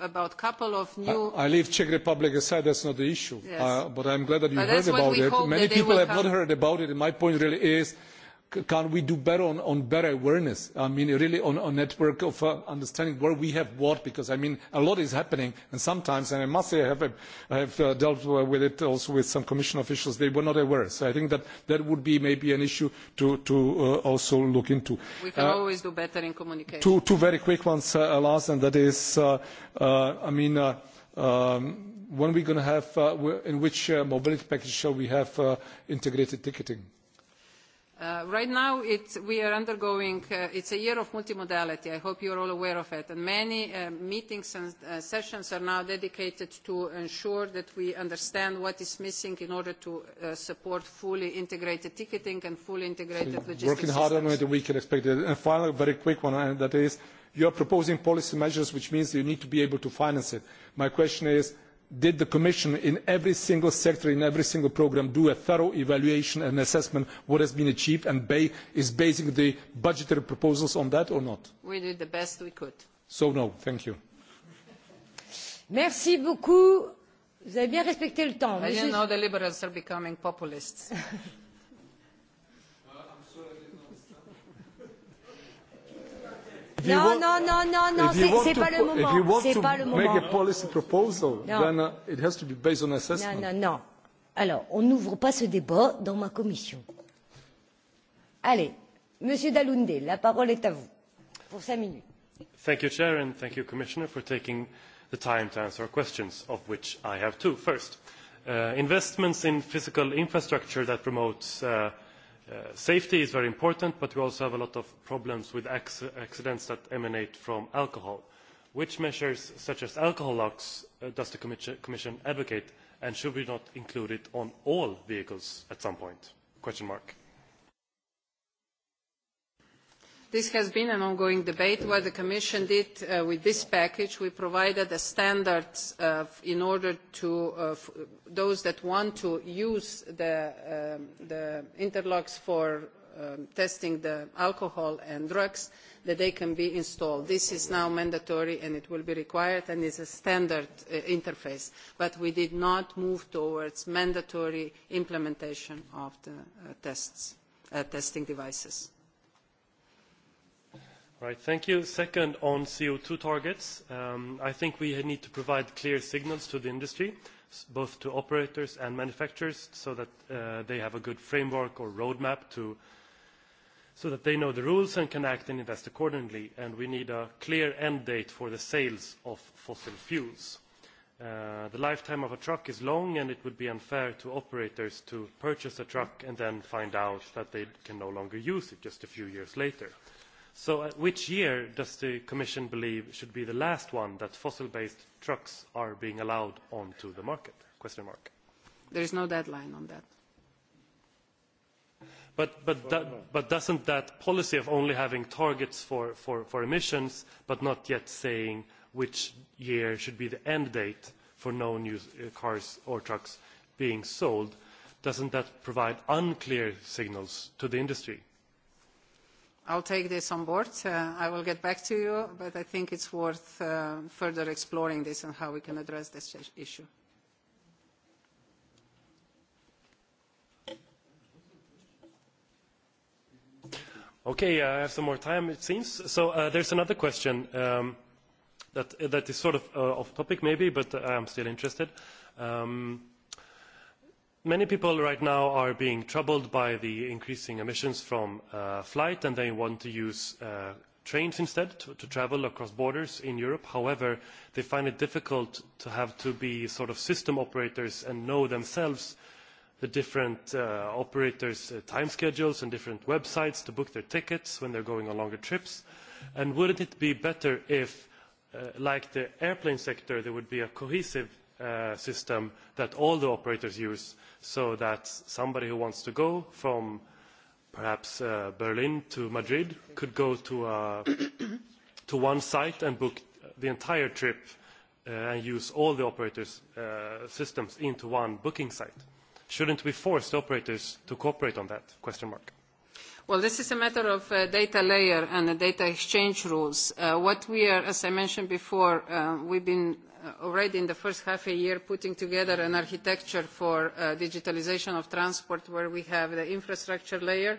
about a couple of new. I leave Czech Republic aside. That's not the issue. But I'm glad that you heard about it. Many people have not heard about it. And my point really is Can we do better on better awareness? I mean, really on a network of understanding where we have what, because I mean, a lot is happening, and sometimes, and I must say, I have dealt with it also with some Commission officials, they were not aware. So I think that that would be maybe an issue to also look into. We can always do better in communication. Two very quick ones, last, and that is, I mean when we going to have in which mobility package shall we have integrated ticketing Right now, we are undergoing, it's a year of multimodality. I hope you are all aware of it. And many meetings and sessions are now dedicated to ensure that we understand what is missing in order to support fully integrated ticketing and fully integrated logistics Working harder than we can expect. And finally, a very quick one, and that is, you are proposing policy measures, which means you need to be able to finance it. My question is, did the Commission in every single sector, in every single programme, do a thorough evaluation and assessment of what has been achieved and is basing the budgetary proposals on that or not? We did the best we could. So no, thank you. Merci beaucoup. Vous avez bien respecté le temps. know the Liberals are becoming populists. non, non, non, non, c'est pas le moment. If you want moment. to make a policy proposal, then it has to be based on assessment. Non, non, non. Alors, on n'ouvre pas ce débat dans ma commission. Allez, Monsieur Dalunde, la parole est à vous pour cinq minutes. Thank you, Chair, and thank you, Commissioner, for taking the time to answer questions, of which I have two. First, investments in physical infrastructure that promotes Safety is very important, but we also have a lot of problems with accidents that emanate from alcohol. Which measures, such as alcohol locks, does the Commission advocate, and should we not include it on all vehicles at some point? Question mark. This has been an ongoing debate. What the Commission did with this package, we provided a standard in order to those that want to use the interlocks for testing the alcohol and drugs, that they can be installed. This is now mandatory and it will be required and is a standard interface. But we did not move towards mandatory implementation of the testing devices. Right, thank you. Second, on CO2 targets, I think we need to provide clear signals to the industry, both to operators and manufacturers, so that they have a good framework or roadmap to, so that they know the rules and can act and invest accordingly. And we need a clear end date for the sales of fossil fuels. The lifetime of a truck is long, and it would be unfair to operators to purchase a truck and then find out that they can no longer use it just a few years later. So which year does the Commission believe should be the last one that fossil-based trucks are being allowed onto the market? Question mark. There is no deadline on that. But doesn't that policy of only having targets for emissions but not yet saying which year should be the end date for no new cars or trucks being sold, doesn't that provide unclear signals to the industry? I'll take this on board. I will get back to you, but I think it's worth further exploring this and how we can address this issue. Okay, I have some more time, it seems. So there's another question that is sort of off topic maybe, but I'm still interested. Many people right now are being troubled by the increasing emissions from flight and they want to use trains instead to travel across borders in Europe. However, they find it difficult to have to be sort of system operators and know themselves the different operators' time schedules and different websites to book their tickets when they're going on longer trips. And wouldn't it be better if, like the airplane sector, there would be a cohesive system that all the operators use so that somebody who wants to go from perhaps Berlin to Madrid could go to one site and book the entire trip and use all the operators' systems into one booking site. Shouldn't we force the operators to cooperate on that? Question mark. Well, this is a matter of data layer and data exchange rules. What we are, as I mentioned before, we've been already in the first half a year putting together an architecture for digitalisation of transport where we have the infrastructure layer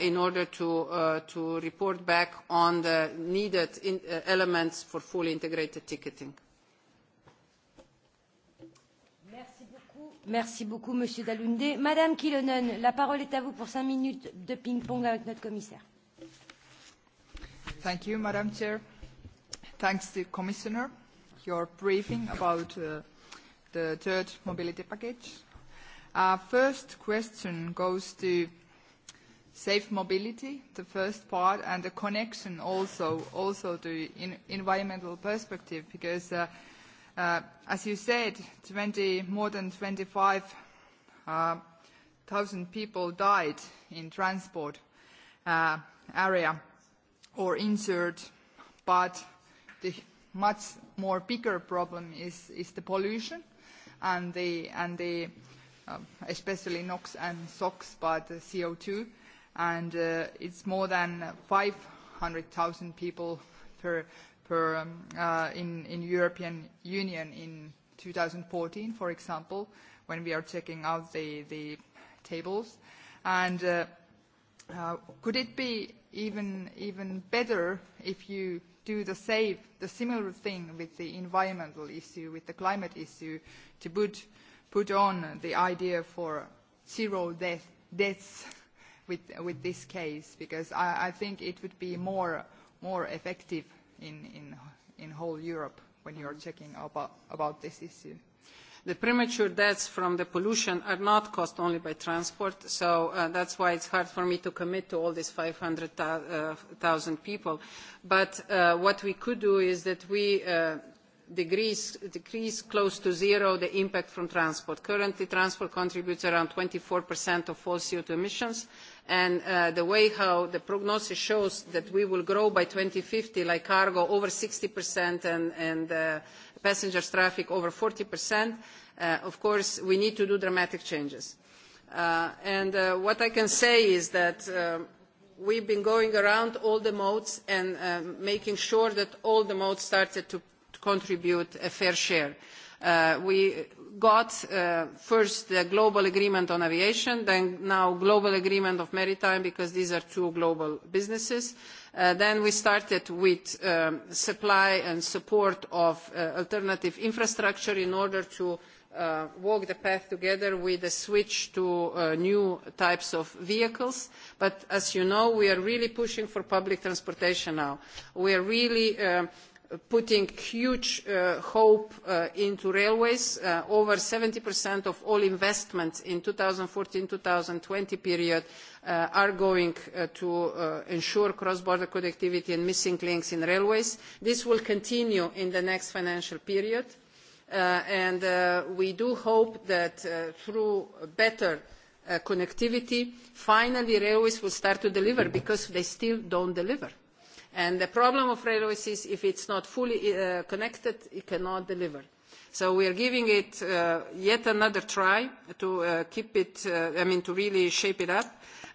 in order to report back on the needed elements for fully integrated ticketing. Merci beaucoup, Monsieur Dalunde. Madame Kilonen, la parole est à vous pour cinq minutes de ping-pong avec notre commissaire. Thank you, Madam Chair. Thanks to Commissioner, your briefing about the third mobility package. Our first question goes to safe mobility, the first part, and the connection also also to environmental perspective, because as you said, more than 25,000 people died in transport area or injured, but the much more bigger problem is is the pollution and the and the especially NOx and SOx, but the CO2 and it's more than 500,000 people per per in European Union in 2014, for example, when we are checking out the the tables. And could it be even even better if you do the same, the similar thing with the environmental issue, with the climate issue, to put put on the idea for zero deaths with this case because I think it would be more effective in whole Europe when you are checking about this issue. The premature deaths from the pollution are not caused only by transport, so that's why it's hard for me to commit to all these 500,000 people. But what we could do is that we decrease close to zero the impact from transport. Currently, transport contributes around 24% of all CO2 emissions, and the way how the prognosis shows that we will grow by 2050, like cargo, over 60% and passengers traffic over 40%, of course, we need to do dramatic changes. And what I can say is that have been going around all the modes and making sure that all the modes started to to contribute a fair share. We got first the global agreement on aviation, then now global agreement of maritime, because these are two global businesses. Then we started with supply and support of alternative infrastructure in order to walk the path together with a switch to new types of vehicles. But as you know, we are really pushing for public transportation now. We are really putting huge hope into railways. Over 70% of all investments in the 2014-2020 period are going to ensure cross-border connectivity and missing links in railways. This will continue in the next financial period, and we do hope that through better connectivity, finally railways will start to deliver because they still don't deliver And the problem of railways is if it's not fully connected, it cannot deliver. So we are giving it yet another try to keep it, I mean, to really shape it up.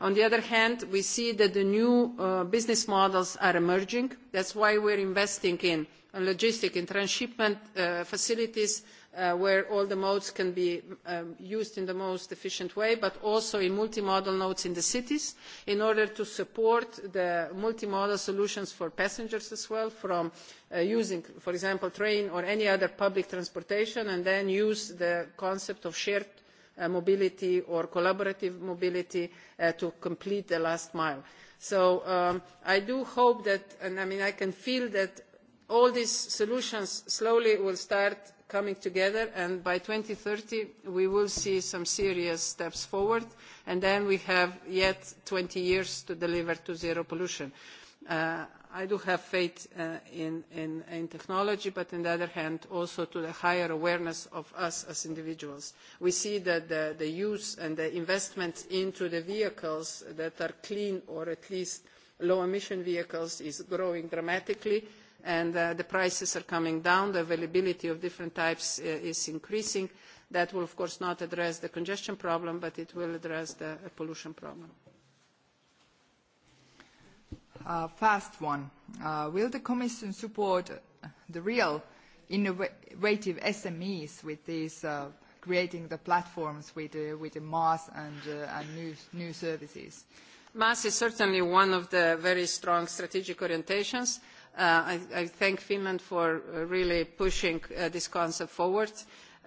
On the other hand, we see that the new business models are emerging. That's why we are investing in logistics, and transshipment facilities where all the modes can be used in the most efficient way, but also in multimodal nodes in the cities in order to support the multimodal solutions for passengers as well from using, for example, train or any other public transportation and then use the concept of shared mobility or collaborative mobility to complete the last mile. So I do hope that, and I mean I can feel that all these solutions slowly will start coming together and by 2030 we will see some serious steps forward and then we have yet 20 years to deliver to zero pollution. I do have faith in technology, but on the other hand, also to the higher awareness of us as individuals. We see that the use and the investment into the vehicles that are clean or at least low-emission vehicles is growing dramatically and the prices are coming down, the availability of different types is increasing. That will, of course, not address the congestion problem, but it will address the pollution problem. Fast one. Will the Commission support the real innovative SMEs with these creating the platforms with the mass and new services? Mass is certainly one of the very strong strategic orientations I thank Finland for really pushing this concept forward.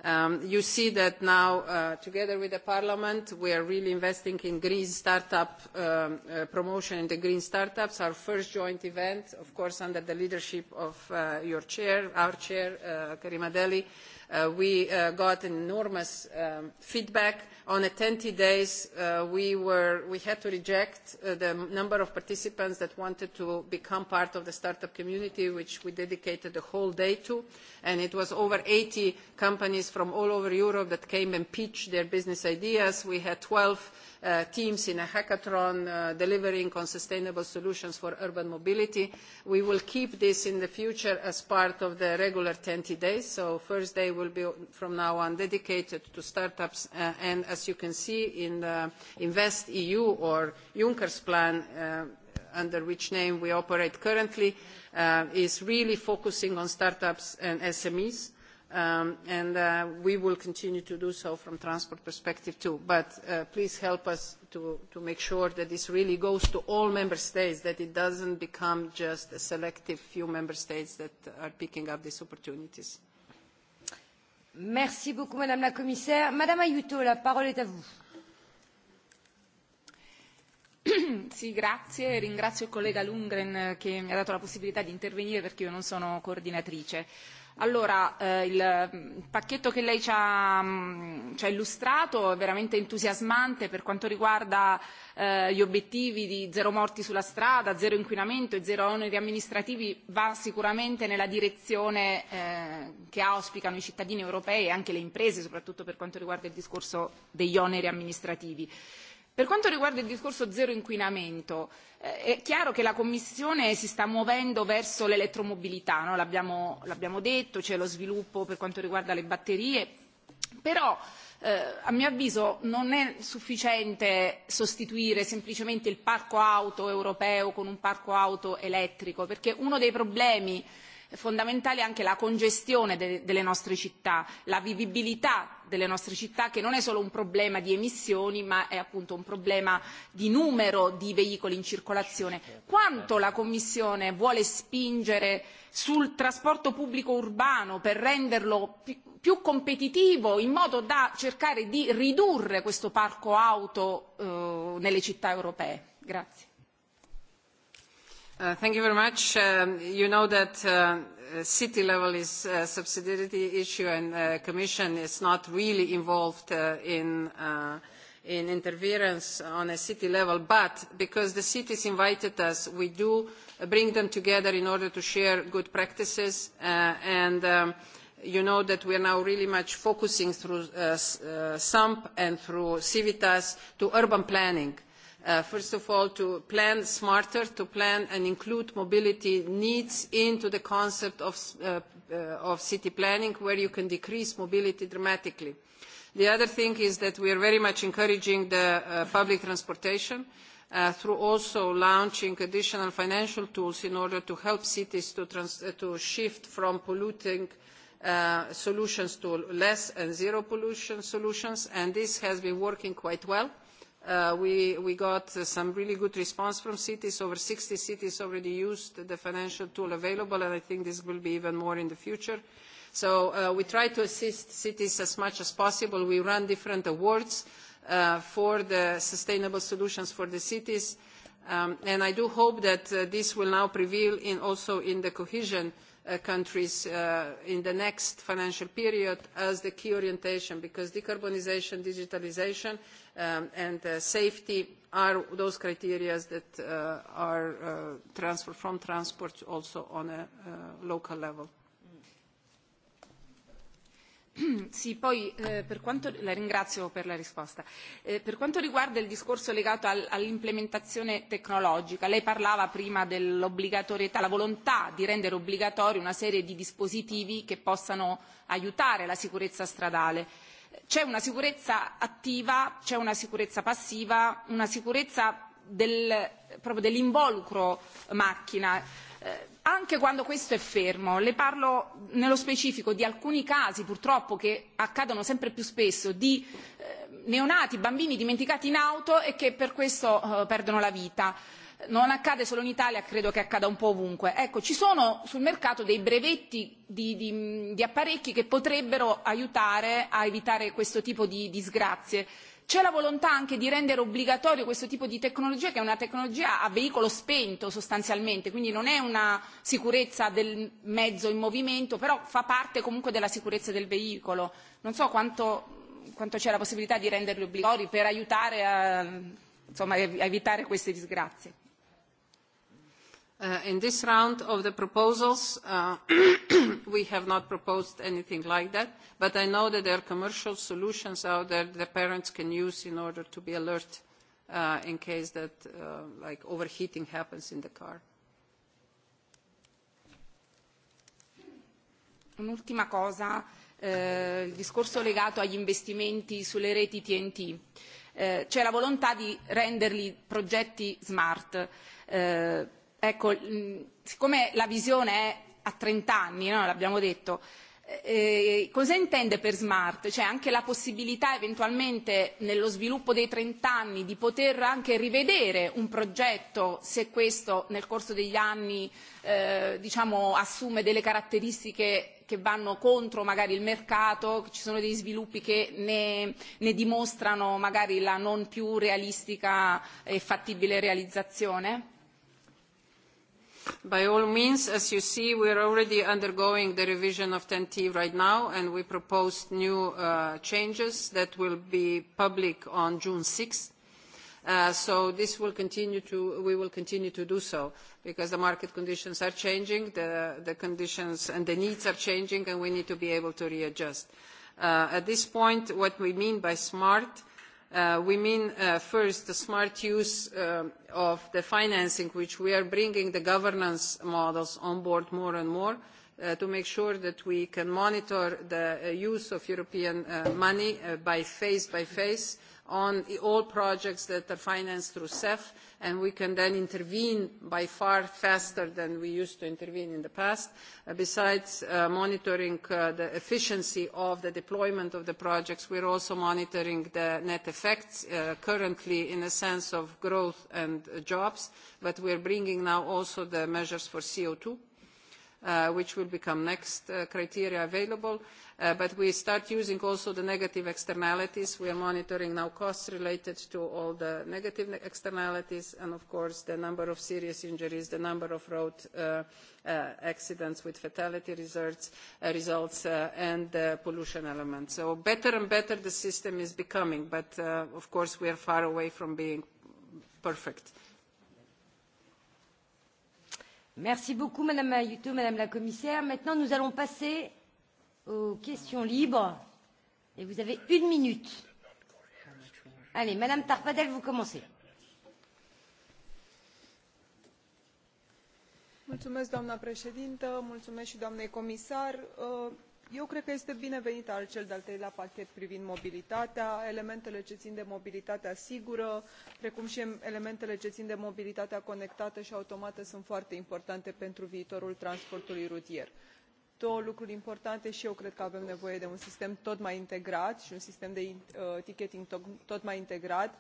You see that now, together with the Parliament, we are really investing in green startup promotion in the green startups. Our first joint event, of course, under the leadership of your chair, our chair, Karima Delli, We got enormous feedback. On the days, we had to reject the number of participants that wanted to become part of the startup community, which we dedicated the whole day to. And it was over 80 companies from all over Europe that came and pitched their business ideas. We had 12 teams in a hackathon delivering on sustainable solutions for urban mobility. We will keep this in the future as part of the regular 20 days. So first day will be from now on dedicated to startups. And as you can see in the Invest EU or Juncker's plan, under which name we operate currently, is really focusing on startups and SMEs and we will continue to do so from transport perspective too. But please help us to make sure that this really goes to all member states, that it doesn't become just a selective few member states that are picking up these opportunities. Merci beaucoup, Madame la Commissaire. Madame Aiuto, la parole est à vous. Sì, grazie. Ringrazio il collega Lundgren che mi ha dato la possibilità di intervenire perché io non sono coordinatrice Allora, il pacchetto che lei ci ha illustrato è veramente entusiasmante per quanto riguarda gli obiettivi di zero morti sulla strada, zero inquinamento e zero oneri amministrativi, va sicuramente nella direzione che auspicano i cittadini europei e anche le imprese, soprattutto per quanto riguarda il discorso degli oneri amministrativi Per quanto riguarda il discorso zero inquinamento, è chiaro che la Commissione si sta muovendo verso l'elettromobilità, l'abbiamo detto, c'è lo sviluppo per quanto riguarda le batterie, però a mio avviso non è sufficiente sostituire semplicemente il parco auto europeo con un parco auto elettrico, perché uno dei problemi È fondamentale anche la congestione delle nostre città, la vivibilità delle nostre città che non è solo un problema di emissioni ma è appunto un problema di numero di veicoli in circolazione. Quanto la Commissione vuole spingere sul trasporto pubblico urbano per renderlo più competitivo in modo da cercare di ridurre questo parco auto nelle città europee? Grazie. Thank you very much. You know that city level is a subsidiarity issue and the Commission is not really involved in interference on a city level, but because the cities invited us, we do bring them together in order to share good practices and you know that we are now really much focusing through SAMP and through Civitas to urban planning first of all to plan smarter to plan and include mobility needs into the concept of city planning where you can decrease mobility dramatically. the other thing is that we are very much encouraging the public transportation through also launching additional financial tools in order to help cities to shift from polluting solutions to less and zero pollution solutions and this has been working quite well. We got some really good response from cities. Over 60 cities already used the financial tool available, and I think this will be even more in the future. So we try to assist cities as much as possible. We run different awards for the sustainable solutions for the cities, and I do hope that this will now prevail also in the cohesion countries in the next financial period as the key orientation because decarbonisation, digitalisation and safety are those criteria that are transferred from transport also on a local level. Sì, poi per quanto la ringrazio per la risposta. Per quanto riguarda il discorso legato all'implementazione tecnologica, lei parlava prima dell'obbligatorietà, la volontà di rendere obbligatori una serie di dispositivi che possano aiutare la sicurezza stradale. C'è una sicurezza attiva, c'è una sicurezza passiva, una sicurezza proprio dell'involucro macchina anche quando questo è fermo le parlo nello specifico di alcuni casi purtroppo che accadono sempre più spesso di neonati bambini dimenticati in auto e che per questo perdono la vita non accade solo in italia credo che accada un po' ovunque. ecco ci sono sul mercato dei brevetti di apparecchi che potrebbero aiutare a evitare questo tipo di disgrazie c'è la volontà anche di rendere obbligatorio questo tipo di tecnologia che è una tecnologia a veicolo spento sostanzialmente quindi non è una sicurezza del mezzo in movimento però fa parte comunque della sicurezza del veicolo non so quanto quanto c'è la possibilità di renderli obbligatori per aiutare a evitare queste disgrazie. In this round of the proposals, we have not proposed anything like that, but I know that there are commercial solutions out there that parents can use in order to be alert in case that like overheating happens in the car. Un'ultima cosa, il discorso legato agli investimenti sulle reti TNT. C'è la volontà di renderli progetti smart Ecco, siccome la visione è a 30 anni, l'abbiamo detto, cosa intende per smart? Cioè anche la possibilità eventualmente nello sviluppo dei 30 anni di poter anche rivedere un progetto se questo nel corso degli anni diciamo, assume delle caratteristiche che vanno contro magari il mercato, ci sono dei sviluppi che ne dimostrano magari la non più realistica e fattibile realizzazione? By all means, as you see, we are already undergoing the revision of TEN-T right now, and we proposed new changes that will be public on June 6th. So this will continue to, we will continue to do so, because the market conditions are changing, the conditions and the needs are changing, and we need to be able to readjust. At this point, what we mean by smart we mean first the smart use of the financing which we are bringing the governance models on board more and more to make sure that we can monitor the use of European money by phase by phase on all projects that are financed through CEF, and we can then intervene by far faster than we used to intervene in the past, besides monitoring the efficiency of the deployment of the projects. we are also monitoring the net effects currently in a sense of growth and jobs, but we are bringing now also the measures for CO2 which will become next criteria available. But we start using also the negative externalities. We are monitoring now costs related to all the negative externalities and, of course, the number of serious injuries, the number of road accidents with fatality results, and the pollution elements. So better and better the system is becoming, but, of course, we are far away from being perfect Merci beaucoup, Madame Ayuto, Madame la Commissaire. Maintenant, nous allons passer aux questions libres. Et vous avez une minute. Allez, Madame Tarpadel, vous commencez. președintă, mulțumesc și doamnei eu cred că este binevenit cel de al treilea pachet privind mobilitatea elementele ce țin de mobilitatea sigură precum și elementele ce țin de mobilitatea conectată și automată sunt foarte importante pentru viitorul transportului rutier două lucruri importante și eu cred că avem nevoie de un sistem tot mai integrat și un sistem de ticketing tot mai integrat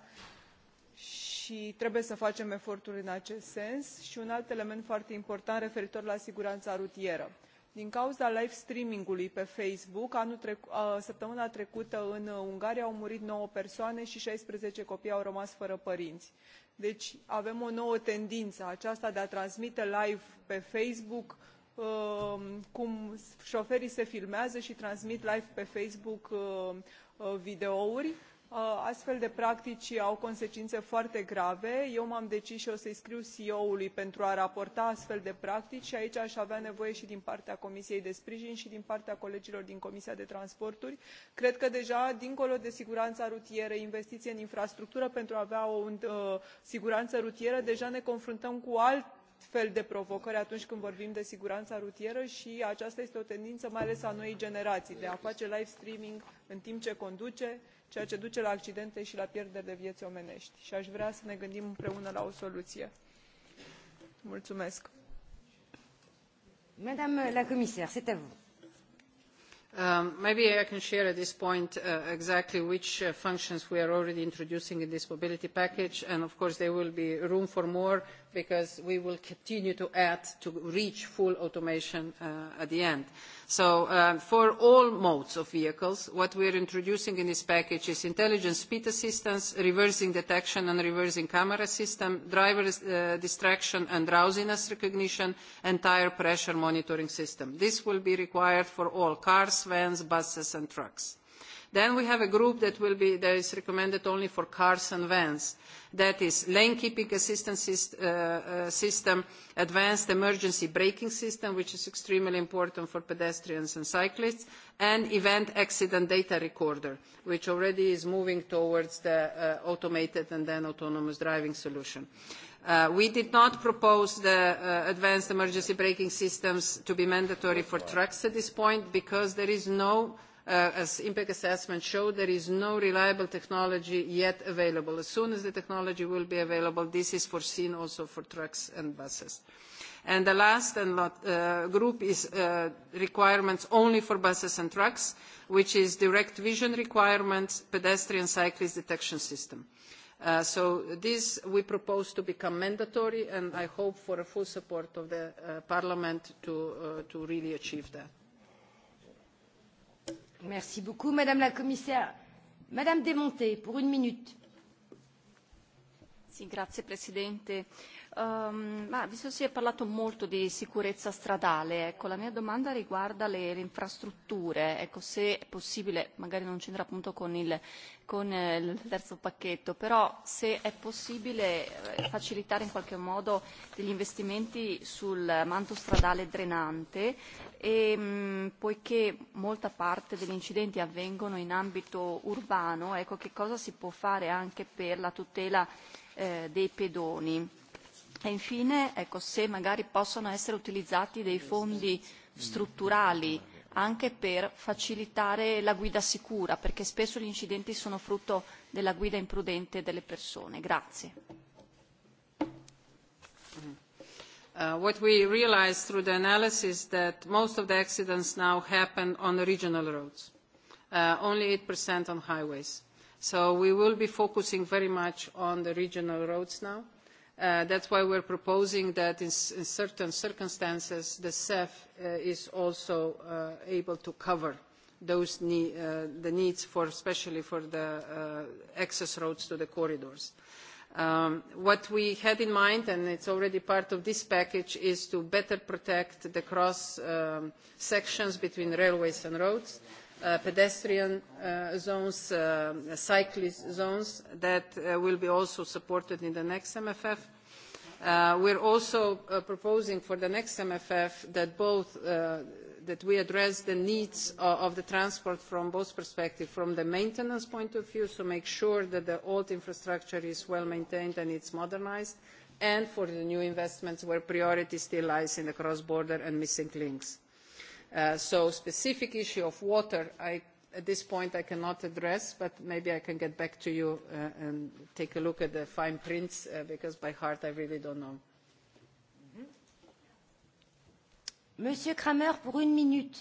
și trebuie să facem eforturi în acest sens și un alt element foarte important referitor la siguranța rutieră din cauza live streaming ului pe facebook săptămâna trecută în ungaria au murit nouă persoane și șaisprezece copii au rămas fără părinți. deci avem o nouă tendință aceasta de a transmite live pe facebook cum șoferii se filmează și transmit live pe facebook videouri Astfel de practici au consecințe foarte grave. Eu m-am decis și o să-i scriu CEO-ului pentru a raporta astfel de practici și aici aș avea nevoie și din partea Comisiei de Sprijin și din partea colegilor din Comisia de Transporturi. Cred că deja, dincolo de siguranța rutieră, investiții în infrastructură pentru a avea o siguranță rutieră, deja ne confruntăm cu alt fel de provocări atunci când vorbim de siguranța rutieră și aceasta este o tendință mai ales a noii generații de a face live streaming în timp ce conduce, ceea ce duce la accidente și la pierderi de vieți omenești. Și aș vrea să ne gândim împreună la o soluție. Mulțumesc. Madame la commissaire, c'est à vous. Maybe I can share at this point exactly which functions we are already introducing in this mobility package, and of course there will be room for more because we will continue to add to reach full automation at the end. So for all modes of vehicles, what we are introducing in this package is intelligent speed assistance, reversing detection and reversing camera system, driver distraction and drowsiness recognition, and tire pressure monitoring system. This will be required for all cars, vans, buses and trucks. Then we have a group that is recommended only for cars and vans. That is lane keeping assistance system, advanced emergency braking system, which is extremely important for pedestrians and cyclists, and event accident data recorder, which already is moving towards the automated and then autonomous driving solution. We did not propose the advanced emergency braking systems to be mandatory for trucks at this point because there is no as impact assessment showed, there is no reliable technology yet available. As soon as the technology will be available, this is foreseen also for trucks and buses. And the last group is requirements only for buses and trucks, which is direct vision requirements, pedestrian cyclist detection system. So this we propose to become mandatory, and I hope for a full support of the Parliament to really achieve that. Merci beaucoup, Madame la Commissaire. Madame Demonte, pour une minute. Signora Presidente, visto si è parlato molto di sicurezza stradale, ecco, la mia domanda riguarda le infrastrutture, ecco, se è possibile, magari non c'entra appunto con il con il terzo pacchetto, però se è possibile facilitare in qualche modo degli investimenti sul manto stradale drenante e poiché molta parte degli incidenti avvengono in ambito urbano, ecco che cosa si può fare anche per la tutela dei pedoni. E infine, ecco, se magari possono essere utilizzati dei fondi strutturali anche per facilitare la guida sicura, perché spesso gli incidenti sono frutto della guida imprudente delle persone. Grazie. What we realized through the analysis that most of the accidents now happen on the regional roads, only 8% on highways. So we will be focusing very much on the regional roads now That's why we are proposing that in certain circumstances the CEF is also able to cover the needs for especially for the access roads to the corridors. What we had in mind, and it's already part of this package, is to better protect the cross sections between railways and roads pedestrian zones, cyclist zones that will be also supported in the next MFF. We are also proposing for the next MFF that we address the needs of the transport from both perspectives, from the maintenance point of view, to make sure that the old infrastructure is well maintained and it's modernised, and for the new investments where priority still lies in the cross-border and missing links. So specific issue of water, at this point I cannot address, but maybe I can get back to you and take a look at the fine print because by heart I really don't know. Monsieur Kramer, pour une minute.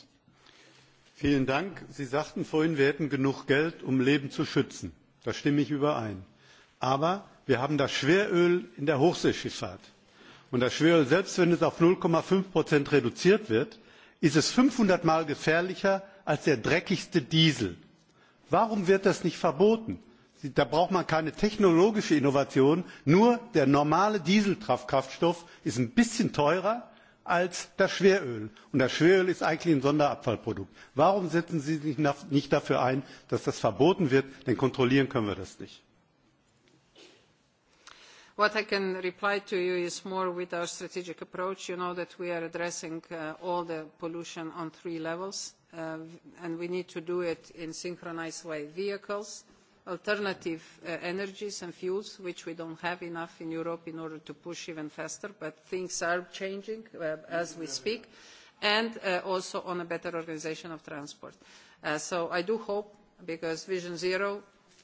Vielen Dank. Sie sagten vorhin, wir hätten genug Geld, um Leben zu schützen. Da stimme ich überein. Aber wir haben das Schweröl in der Hochseeschifffahrt. Und das Schweröl, selbst wenn es auf 0,5 reduziert wird, ist es 500 Mal gefährlicher als der dreckigste Diesel. Warum wird das nicht verboten? Da braucht man keine technologische Innovation. Nur der normale Dieselkraftstoff ist ein bisschen teurer als das Schweröl. Und das Schweröl ist eigentlich ein Sonderabfallprodukt. Warum setzen Sie sich nicht dafür ein, dass das verboten wird? Denn kontrollieren können wir das nicht. What I can reply to you is more with our strategic approach. You know that we are addressing all the pollution on three levels, and we need to do it in synchronized way. Vehicles, alternative energies and fuels, which we don't have enough in Europe in order to push even faster, but things are changing as we speak, and also on a better organisation of transport. So I do hope, because Vision Zero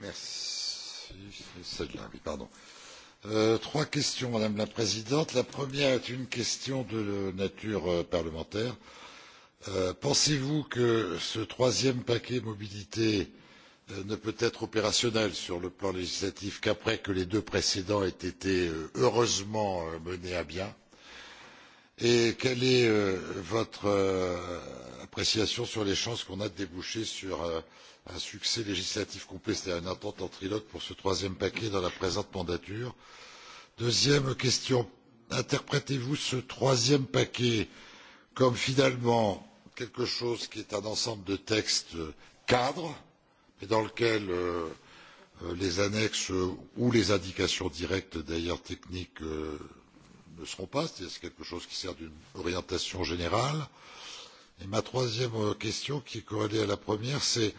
Merci. Trois questions, Madame la Présidente. La première est une question de nature parlementaire. Pensez-vous que ce troisième paquet mobilité ne peut être opérationnel sur le plan législatif qu'après que les deux précédents aient été heureusement menés à bien et quelle est votre appréciation sur les chances qu'on a de déboucher sur un succès législatif complet, c'est-à-dire une attente en trilogue pour ce troisième paquet dans la présente mandature. Deuxième question, interprétez-vous ce troisième paquet comme finalement quelque chose qui est un ensemble de textes cadres, mais dans lequel les annexes ou les indications directes d'ailleurs techniques ne seront pas, c'est-à-dire quelque chose qui sert d'une orientation générale. Et ma troisième question, qui est corrélée à la première, c'est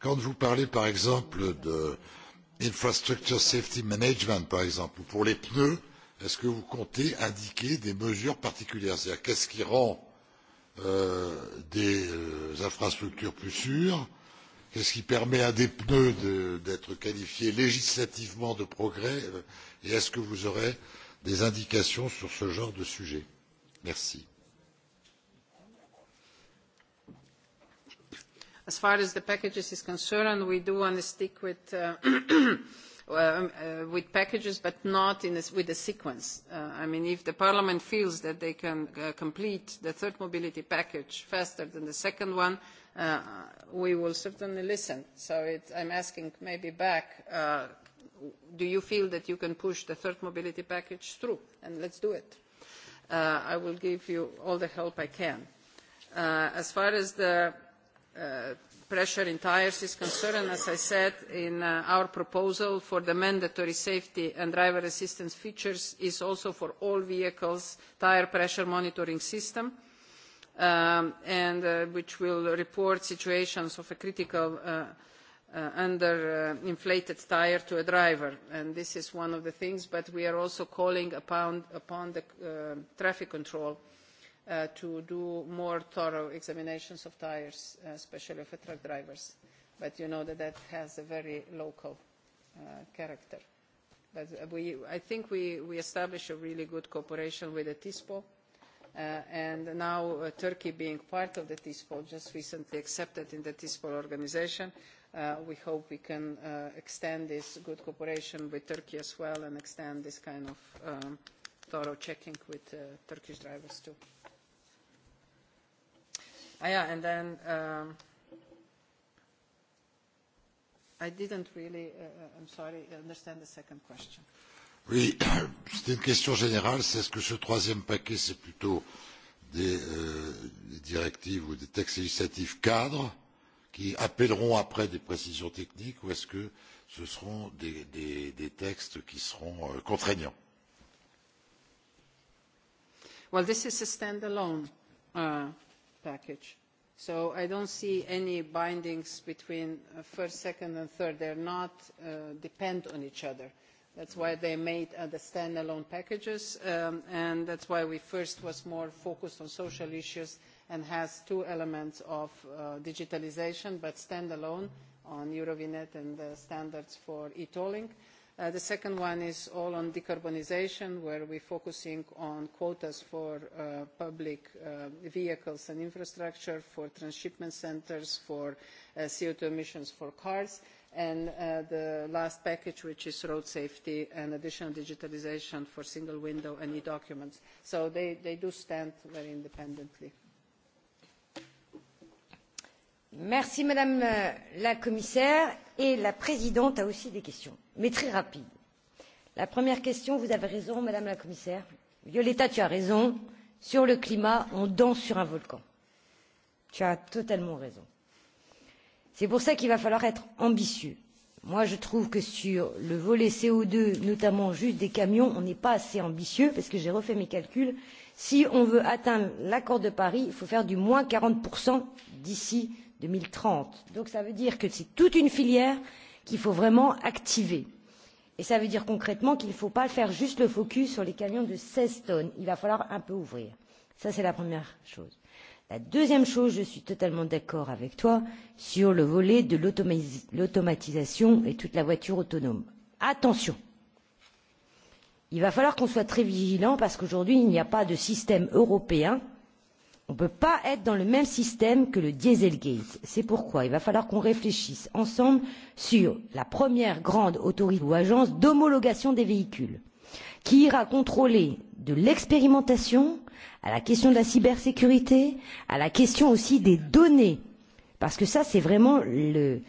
quand vous parlez par exemple de infrastructure safety management par exemple pour les pneus est ce que vous comptez indiquer des mesures particulières c'est à dire qu'est ce qui rend des infrastructures plus sûres qu'est ce qui permet à des pneus d'être qualifiés législativement de progrès et est ce que vous aurez des indications sur ce genre de sujet? merci. As far as the packages is concerned, we do want to stick with packages, but not with a sequence. I mean, if the Parliament feels that they can complete the third mobility package faster than the second one, we will certainly listen. So I'm asking maybe back, do you feel that you can push the third mobility package through? And let's do it. I will give you all the help I can. As far as the pressure in tires is concerned, as I said in our proposal for the mandatory safety and driver assistance features is also for all vehicles tyre pressure monitoring system, and which will report situations of a critical under inflated tire to a driver. And this is one of the things, but we are also calling upon the traffic control to do more thorough examinations of tyres, especially for truck drivers. But you know that that has a very local character. But I think we established a really good cooperation with the TISPO, and now Turkey being part of the TISPO, just recently accepted in the TISPO organization, we hope we can extend this good cooperation with Turkey as well and extend this kind of thorough checking with Turkish drivers too. Yeah, and then I didn't really, I'm sorry, understand the second question. Oui, c'est une question générale. C'est ce que ce troisième paquet, c'est plutôt des directives ou des textes législatifs cadres qui appelleront après des précisions techniques ou est-ce que ce seront des textes qui seront contraignants Well, this is a stand-alone package. So I don't see any bindings between first, second and third. They are not depend on each other. That's why they made the standalone packages and that's why we first was more focused on social issues and has two elements of digitalization but standalone on Eurovinet and the standards for e-tolling The second one is all on decarbonisation, where we're focusing on quotas for public vehicles and infrastructure, for transshipment centres, for CO2 emissions for cars, and the last package, which is road safety and additional digitalisation for single window and e-documents. So they do stand very independently. Merci Madame la Commissaire et la Présidente a aussi des questions, mais très rapides. La première question, vous avez raison Madame la Commissaire. Violeta tu as raison. Sur le climat, on danse sur un volcan. Tu as totalement raison. C'est pour cela qu'il va falloir être ambitieux. Moi, je trouve que sur le volet CO2, notamment juste des camions, on n'est pas assez ambitieux, parce que j'ai refait mes calculs. Si on veut atteindre l'accord de Paris, il faut faire du moins 40% d'ici deux mille donc cela veut dire que c'est toute une filière qu'il faut vraiment activer et cela veut dire concrètement qu'il ne faut pas faire juste le focus sur les camions de 16 tonnes il va falloir un peu ouvrir ça c'est la première chose. la deuxième chose je suis totalement d'accord avec toi sur le volet de l'automatisation et toute la voiture autonome. attention il va falloir qu'on soit très vigilant parce qu'aujourd'hui il n'y a pas de système européen On ne peut pas être dans le même système que le Dieselgate. C'est pourquoi il va falloir qu'on réfléchisse ensemble sur la première grande autorité ou agence d'homologation des véhicules, qui ira contrôler de l'expérimentation à la question de la cybersécurité, à la question aussi des données. Parce que ça, c'est vraiment le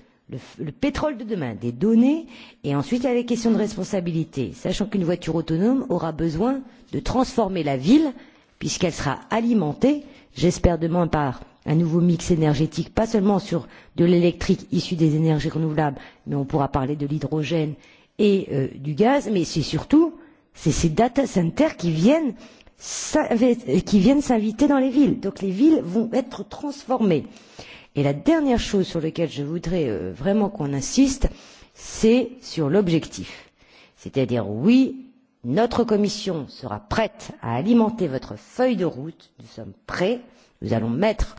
pétrole de demain, des données. Et ensuite, il y a les questions de responsabilité, sachant qu'une voiture autonome aura besoin de transformer la ville puisqu'elle sera alimentée, j'espère demain, par un nouveau mix énergétique, pas seulement sur de l'électrique issu des énergies renouvelables, mais on pourra parler de l'hydrogène et du gaz, mais c'est surtout ces data centers qui viennent s'inviter dans les villes. Donc les villes vont être transformées. Et la dernière chose sur laquelle je voudrais vraiment qu'on insiste, c'est sur l'objectif. C'est-à-dire, oui, Notre commission sera prête à alimenter votre feuille de route. Nous sommes prêts. Nous allons mettre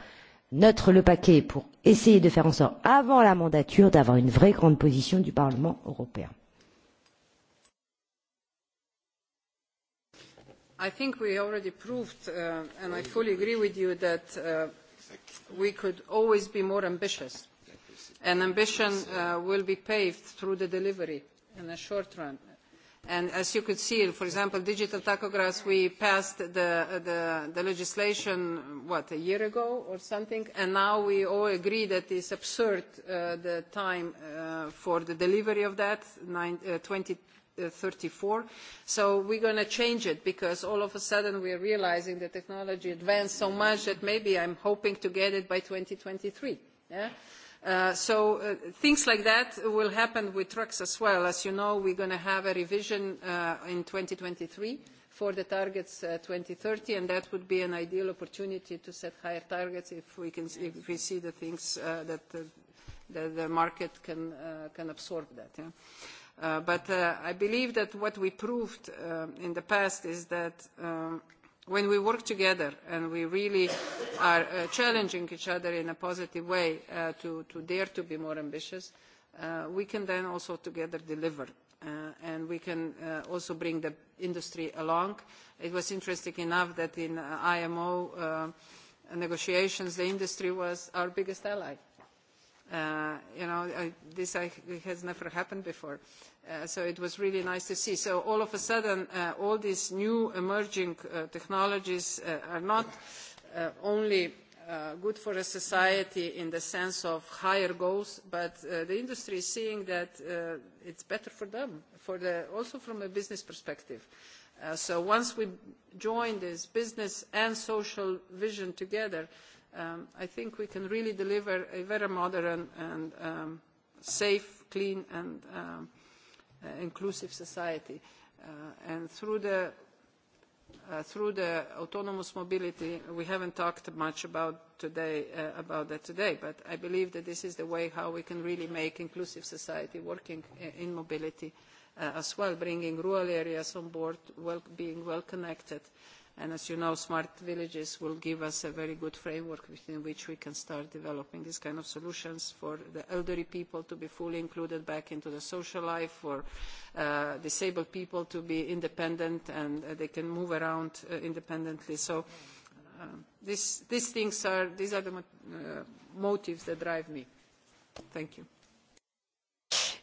notre le paquet pour essayer de faire en sorte, avant la mandature, d'avoir une vraie grande position du Parlement européen. I think we already proved, and I fully agree with you, that we could always be more ambitious. And ambition will be paved through the delivery in a short run And as you could see, for example, digital tachographs, we passed the legislation, what, a year ago or something, and now we all agree that it's absurd the time for the delivery of that, 2034. So we're going to change it because all of a sudden we are realizing the technology advanced so much that maybe I'm hoping to get it by 2023. So things like that will happen with trucks as well. As you know, we're going to have a revision in 2023 for the targets 2030, and that would be an ideal opportunity to set higher targets if we can if we see the things that the market can can absorb that. But I believe that what we proved in the past is that when we work together and we really are challenging each other in a positive way to dare to be more ambitious, we can then also together deliver and we can also bring the industry along. It was interesting enough that in IMO negotiations the industry was our biggest ally. You know, this has never happened before so it was really nice to see. So all of a sudden, all these new emerging technologies are not only good for a society in the sense of higher goals, but the industry is seeing that it's better for them, also from a business perspective. So once we join this business and social vision together, I think we can really deliver a very modern and safe, clean and inclusive society. And through the through the autonomous mobility, we haven't talked much about today about that today, but I believe that this is the way how we can really make inclusive society working in mobility as well, bringing rural areas on board, being well connected And as you know, smart villages will give us a very good framework within which we can start developing these kind of solutions for the elderly people to be fully included back into the social life, for disabled people to be independent and they can move around independently. So these things are, these are the motives that drive me. Thank you.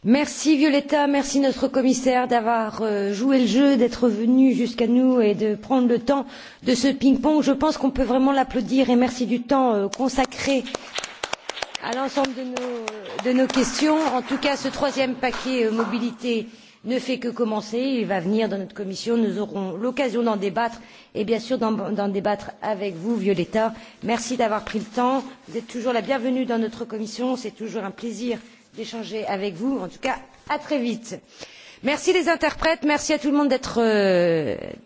Merci Violetta, merci notre commissaire d'avoir joué le jeu, d'être venu jusqu'à nous et de prendre le temps de ce ping-pong. Je pense qu'on peut vraiment l'applaudir et merci du temps consacré à l'ensemble de nos questions. En tout cas, ce troisième paquet mobilité ne fait que commencer. Il va venir dans notre commission. Nous aurons l'occasion d'en débattre et bien sûr d'en débattre avec vous, Violetta. Merci d'avoir pris le temps. Vous êtes toujours la bienvenue dans notre commission. C'est toujours un plaisir d'échanger avec vous. En tout cas, à très vite. Merci les interprètes, merci à tout le monde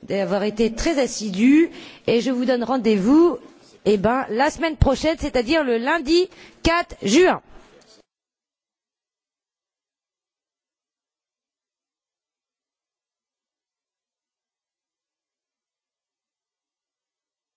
d'avoir été très assidus et je vous donne rendez-vous la semaine prochaine, c'est-à-dire le lundi 4 juin.